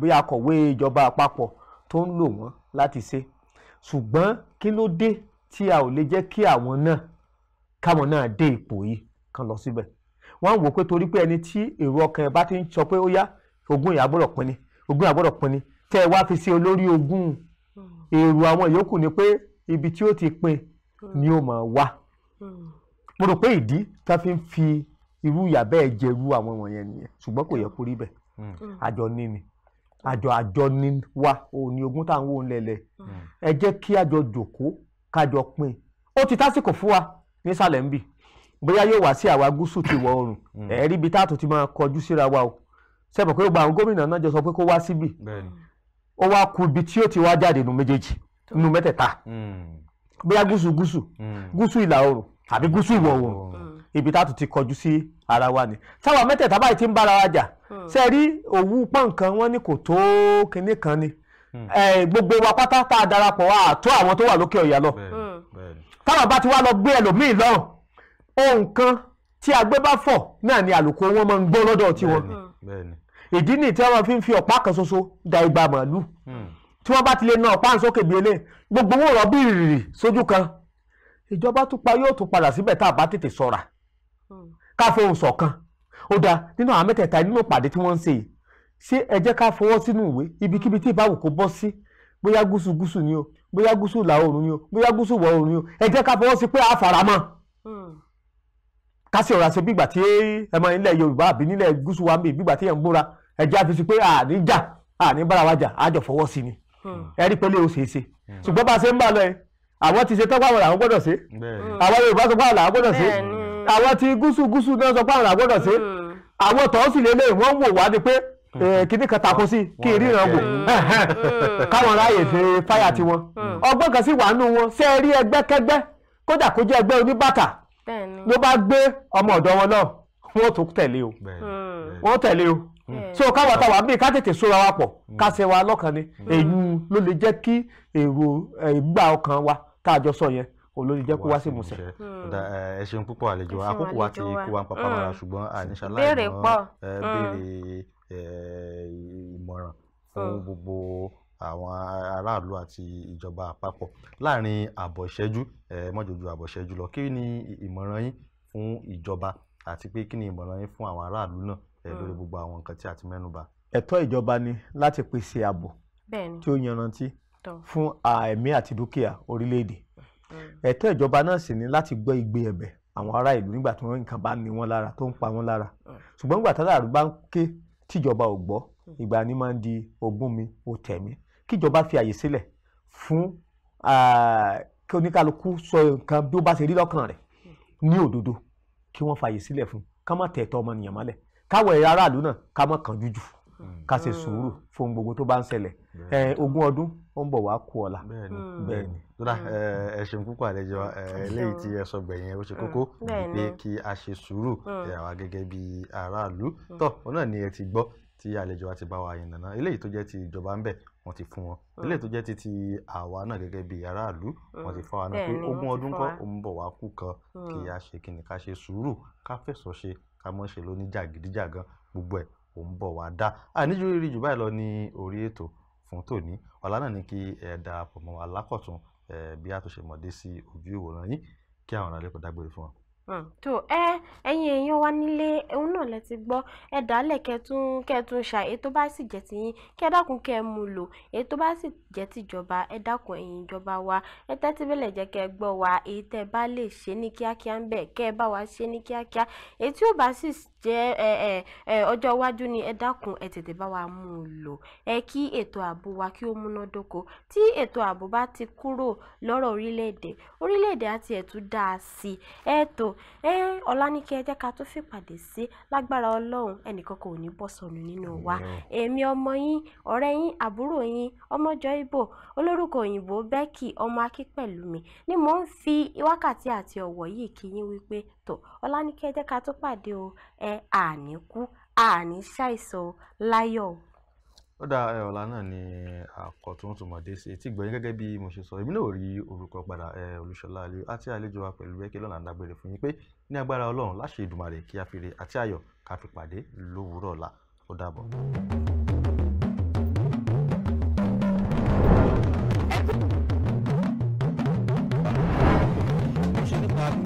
bóyá akọ̀wé ìjọba àpapọ̀ tó ń lò wọ́n láti ṣe ṣùgbọ́n kí ló dé tí a ò lè jẹ́ kí àwọn náà káwọn náà dé ipò yìí kan lọ síbẹ̀ wọ́n á wò pé torí pé ẹni tí èrò ọkàn ẹ̀ bá ti ń sọ pé ó yá ogún ìyá gbọ́dọ̀ pín ni ogún ìyá gbọ́dọ̀ pín tẹ́ ẹ wá fi ṣe olórí ogún hmm. èrò àwọn yòókù ni pé ibi tí ó ti pin ni ó máa wà mo rò pé ìdí tá a fi ń fi irú ìyà bẹ́ẹ̀ jẹ irú àwọn wọ̀nyẹn nìyẹn ṣùgbọ́n kò yẹ kó rí bẹ́ẹ̀ hmm. àjọ ní ni àjọ àjọ ní wa òní ogún tá à ń wò ń lẹ̀lẹ̀ hmm. ẹ jẹ́ kí àjọ jòkó kájọ pin ó ti tásìkò fún wa nísàlẹ̀ ń bì bóyá yóò wá sí àwa gúúsù ti wọ̀ oòrùn hmm. ẹ̀ẹ́rí ibi táàtò ti máa kọjú síra wa o sẹ́pọ̀ pé gbogbo àwọn gómìnà náà jọ sọ pé kó wá síbì ó wá ku ibi tí ó ti wá jáde nù méjèèjì nínú mẹ́tẹ̀ẹ̀ta hmm. bóyá gúúsù gúúsù hmm. gúúsù ìlà oòrùn àbí gúúsù ìwọ̀ oòrùn hmm. ibi tá a tún ti kọjú sí ara wa ni táwa mẹ́tẹ̀ẹ̀ta báyìí ti ń bára wa jà ṣe rí òwú pọ̀nkan wọn ní kò tó kinní kan ni gbogbo wa pátá tá a darapọ̀ wa àtó àwọn tó wà lókè ọ̀yà lọ táwa bá ti wá lọ gbé ẹlòmíì lọ́rùn ohun kan tí agbé bá fọ̀ náà ni àlòkù wọn máa ń gbọ́ lọ́dọ̀ tiwọn ìdí nìyí tí wọ́n fi ń fi ọ̀pá kan ṣoṣo da igba màálù. Hmm tí wọ́n bá ti lè na ọ̀pá sókè bíi eléyìí gbogbo owó rọ̀bì rìrì sójú kan ìjọba tó pa yóò tún padà síbẹ̀ tá a bá tètè sọ̀ra hmm. ká fohùn ṣọ̀kan ó dáa nínú àwọn mẹ́tẹ̀ẹ̀ta nínú ìpàdé tí wọ́n ń ṣe yìí ṣé ẹ jẹ́ ká fọwọ́ sínú ìwé ibikíbi tí ìbáwò kò bọ́ sí bóyá gúúsù gúúsù ni o bóyá gúúsù ìlà oòrùn ni o bóyá gúúsù ìwọ̀ oòrùn ni o ẹ ká fọwọ́ sí pé a fara mọ́ hmm. ká ọ̀rọ̀ àṣẹ bí ìgbà tí ẹ ilẹ̀ Yorùbá àbí nílẹ̀ gúúsù wa ń bì bí ìgbà tí ẹ̀ ń búra ẹ àfi sí pé àní jà àjọ fọwọ́ sí ni. Hmm. ẹ̀rí pé lè o ṣe ṣùgbọ́n bá a ṣe ń bá lọ yẹn àwọn ti ṣe tọ́pọ̀ àwọn làwọn gbọ́dọ̀ ṣe àwọn Yorùbá sọ pé àwọn làwọn gbọ́dọ̀ ṣe àwọn ti gúúsù gúúsù náà sọ pé àwọn làwọn gbọ́dọ̀ ṣe hmm. àwọn tọ́ sì lélẹ̀ wọ́n wò wá ni pé hmm. eh, kan sí kí wọn ṣé ẹ rí ẹgbẹ́ kẹgbẹ́ kódà kó jẹ́ ẹgbẹ́ oníbàtà ló wọn wọ́n tẹ̀lé o Mm. so káwọn táwa bíi ká tètè sóra wa pọ̀ mm. ká ṣe wa lọ́kàn ni mm. èyí ló lè jẹ́ kí èrò ìgbà ọkàn wa tá a jọ sọ yẹn olórí jẹ́ kó wá sí ìmúṣẹ. ẹ ṣeun púpọ̀ àlejò àkókò wa ti kó wa pàpà mọ́ra ṣùgbọ́n àníṣà láì mọ́ béèrè ìmọ̀ràn fún gbogbo àwọn aráàlú àti ìjọba àpapọ̀ láàrin àbọ̀ ìṣẹ́jú mọ́jọ́jú àbọ̀ ìṣẹ́jú lọ kí ni ìmọ̀ràn yín fún ìjọba àti pé kí ni ìmọ̀ràn yín fún àwọn aráàlú náà lórí hmm. gbogbo àwọn nǹkan tí a ti mẹ́nubà. ẹ̀tọ́ ìjọba ni láti pèsè ààbò tí ó yanrantí fún ẹ̀mí àti dúkìá orílẹ̀-èdè hmm. ẹ̀tọ́ ìjọba náà sì ni láti gbọ́ igbe ẹ̀bẹ̀ àwọn ará ìlú nígbà tí wọ́n nǹkan bá ní wọn lára tó ń pa wọn lára hmm. ṣùgbọ́n nígbà tára bá ń ké tíjọba ò gbọ́ ìgbà ni máa ń di ogún mi ò tẹ̀ mí kíjọba fi àyè sílẹ̀ fún kí oníkálukú sọ nǹkan bí ó bá ṣe rí lọ́kàn rẹ̀ ní òdodo kí wọ́n fàyè sílẹ̀ fún ká má tẹ̀ ẹ̀tọ́ ọmọnìyàn mọ́lẹ̀ káwọn ẹ̀yà aráàlú náà ká mọ́ kánjú jù hmm. ká ṣe sùúrù hmm. fún gbogbo tó bá ń ṣẹlẹ̀ ogún ọdún ó ń bọ̀ wá kú ọ̀la. bẹ́ẹ̀ni hmm. dọ́là ẹ ṣeun púpọ̀ àlejò eléyìí tí ẹ sọ gbẹ̀yìn ó ṣe kókó pé kí a ṣe sùúrù àwa gẹ́gẹ́ bí aráàlú tó òun náà ni ẹ ti gbọ́ tí àlejò wa ti bá wa yìn nàná eléyìí tó jẹ́ ti ìjọba ń bẹ̀ wọ́n ti fún wọn eléyìí tó jẹ́ ti ti àwa náà gẹ́gẹ́ bí aráàlú wọ́n ti fún wa náà pé ogún ọdún kọ́ ó ń bọ̀ wá kú kan kí a ṣe kíni ká ṣe sùúrù ká fẹ̀sọ̀ ṣe ká mọ̀ ṣe lóní jàgídíjàgan gbogbo ẹ̀ ò ń bọ̀ wá dá àníjú rí jù báyìí lọ ní orí ètò fún tòní ọ̀la náà ní kí ẹ darapọ̀ mọ́ wa lákọ̀tún bí a mọ̀dé sí ojú ìwòran yín kí àwọn ará lẹ́kọ̀ọ́ dágbére fún wa tó hmm. ẹ ẹ̀yin èèyàn wa nílé òun náà lẹ ti gbọ́ ẹ dálẹ̀ kẹtún kẹtún ṣá èyí tó bá sì jẹ́ ti yín kẹ dákun kẹ mú lò èyí tó bá sì jẹ́ tìjọba ẹ dákun ẹ̀yin ìjọba wa ẹ tẹ́tí bẹlẹ jẹ́ kẹ gbọ́ wa èyí tẹ́ bá lè ṣe ní kíákíá ń bẹ kẹ bá wa ṣe ní kíákíá èyí tí ó bá sì jẹ́ ẹ ẹ ẹ ọjọ́ iwájú ni ẹ dákun ẹ tètè bá wa mú un lò ẹ kí ètò ààbò wa kí ó múnádóko tí ètò ààbò bá ti kúrò lọ́rọ̀ orílẹ̀-èdè orílẹ̀-èdè àti ẹ̀tún dá a sí ẹ tó ẹ ọ̀làníkẹ́ ẹ jẹ́ ká tó fìpàdé sí lágbára ọlọ́run ẹnìkan kò ní bọ́ sọnù nínú wa èmi ọmọ yín ọ̀rẹ́ yín àbúrò yín ọmọjọ́ ibo olórúkọ òyìnbó Becky ọmọ akípẹ̀lú mi ni mò ń fi wákàtí àti ọ̀wọ̀ yìí kí yín wípé tó ọláníkẹ́ jẹ́ ká tó pàdé o ẹ àní kú àní ṣàìsàn o láyọ̀ o. ó dá ẹ ọ̀la náà ni àkọ́tún tòmọ̀dé sí etí gbọ̀nyìn gẹ́gẹ́ bí mo ṣe sọ èmi náà ò rí orúkọ padà ẹ olùṣọlá aliyu àti àlejò wa pẹ̀lú ẹ̀kẹ́ lọ́nà àdágbére fún yín pé ní agbára ọlọ́run láṣẹ ìdùmarè kí a fi re àti ayọ̀ ká fi pàdé lówùúrọ̀ ọ̀la ó dàbọ̀.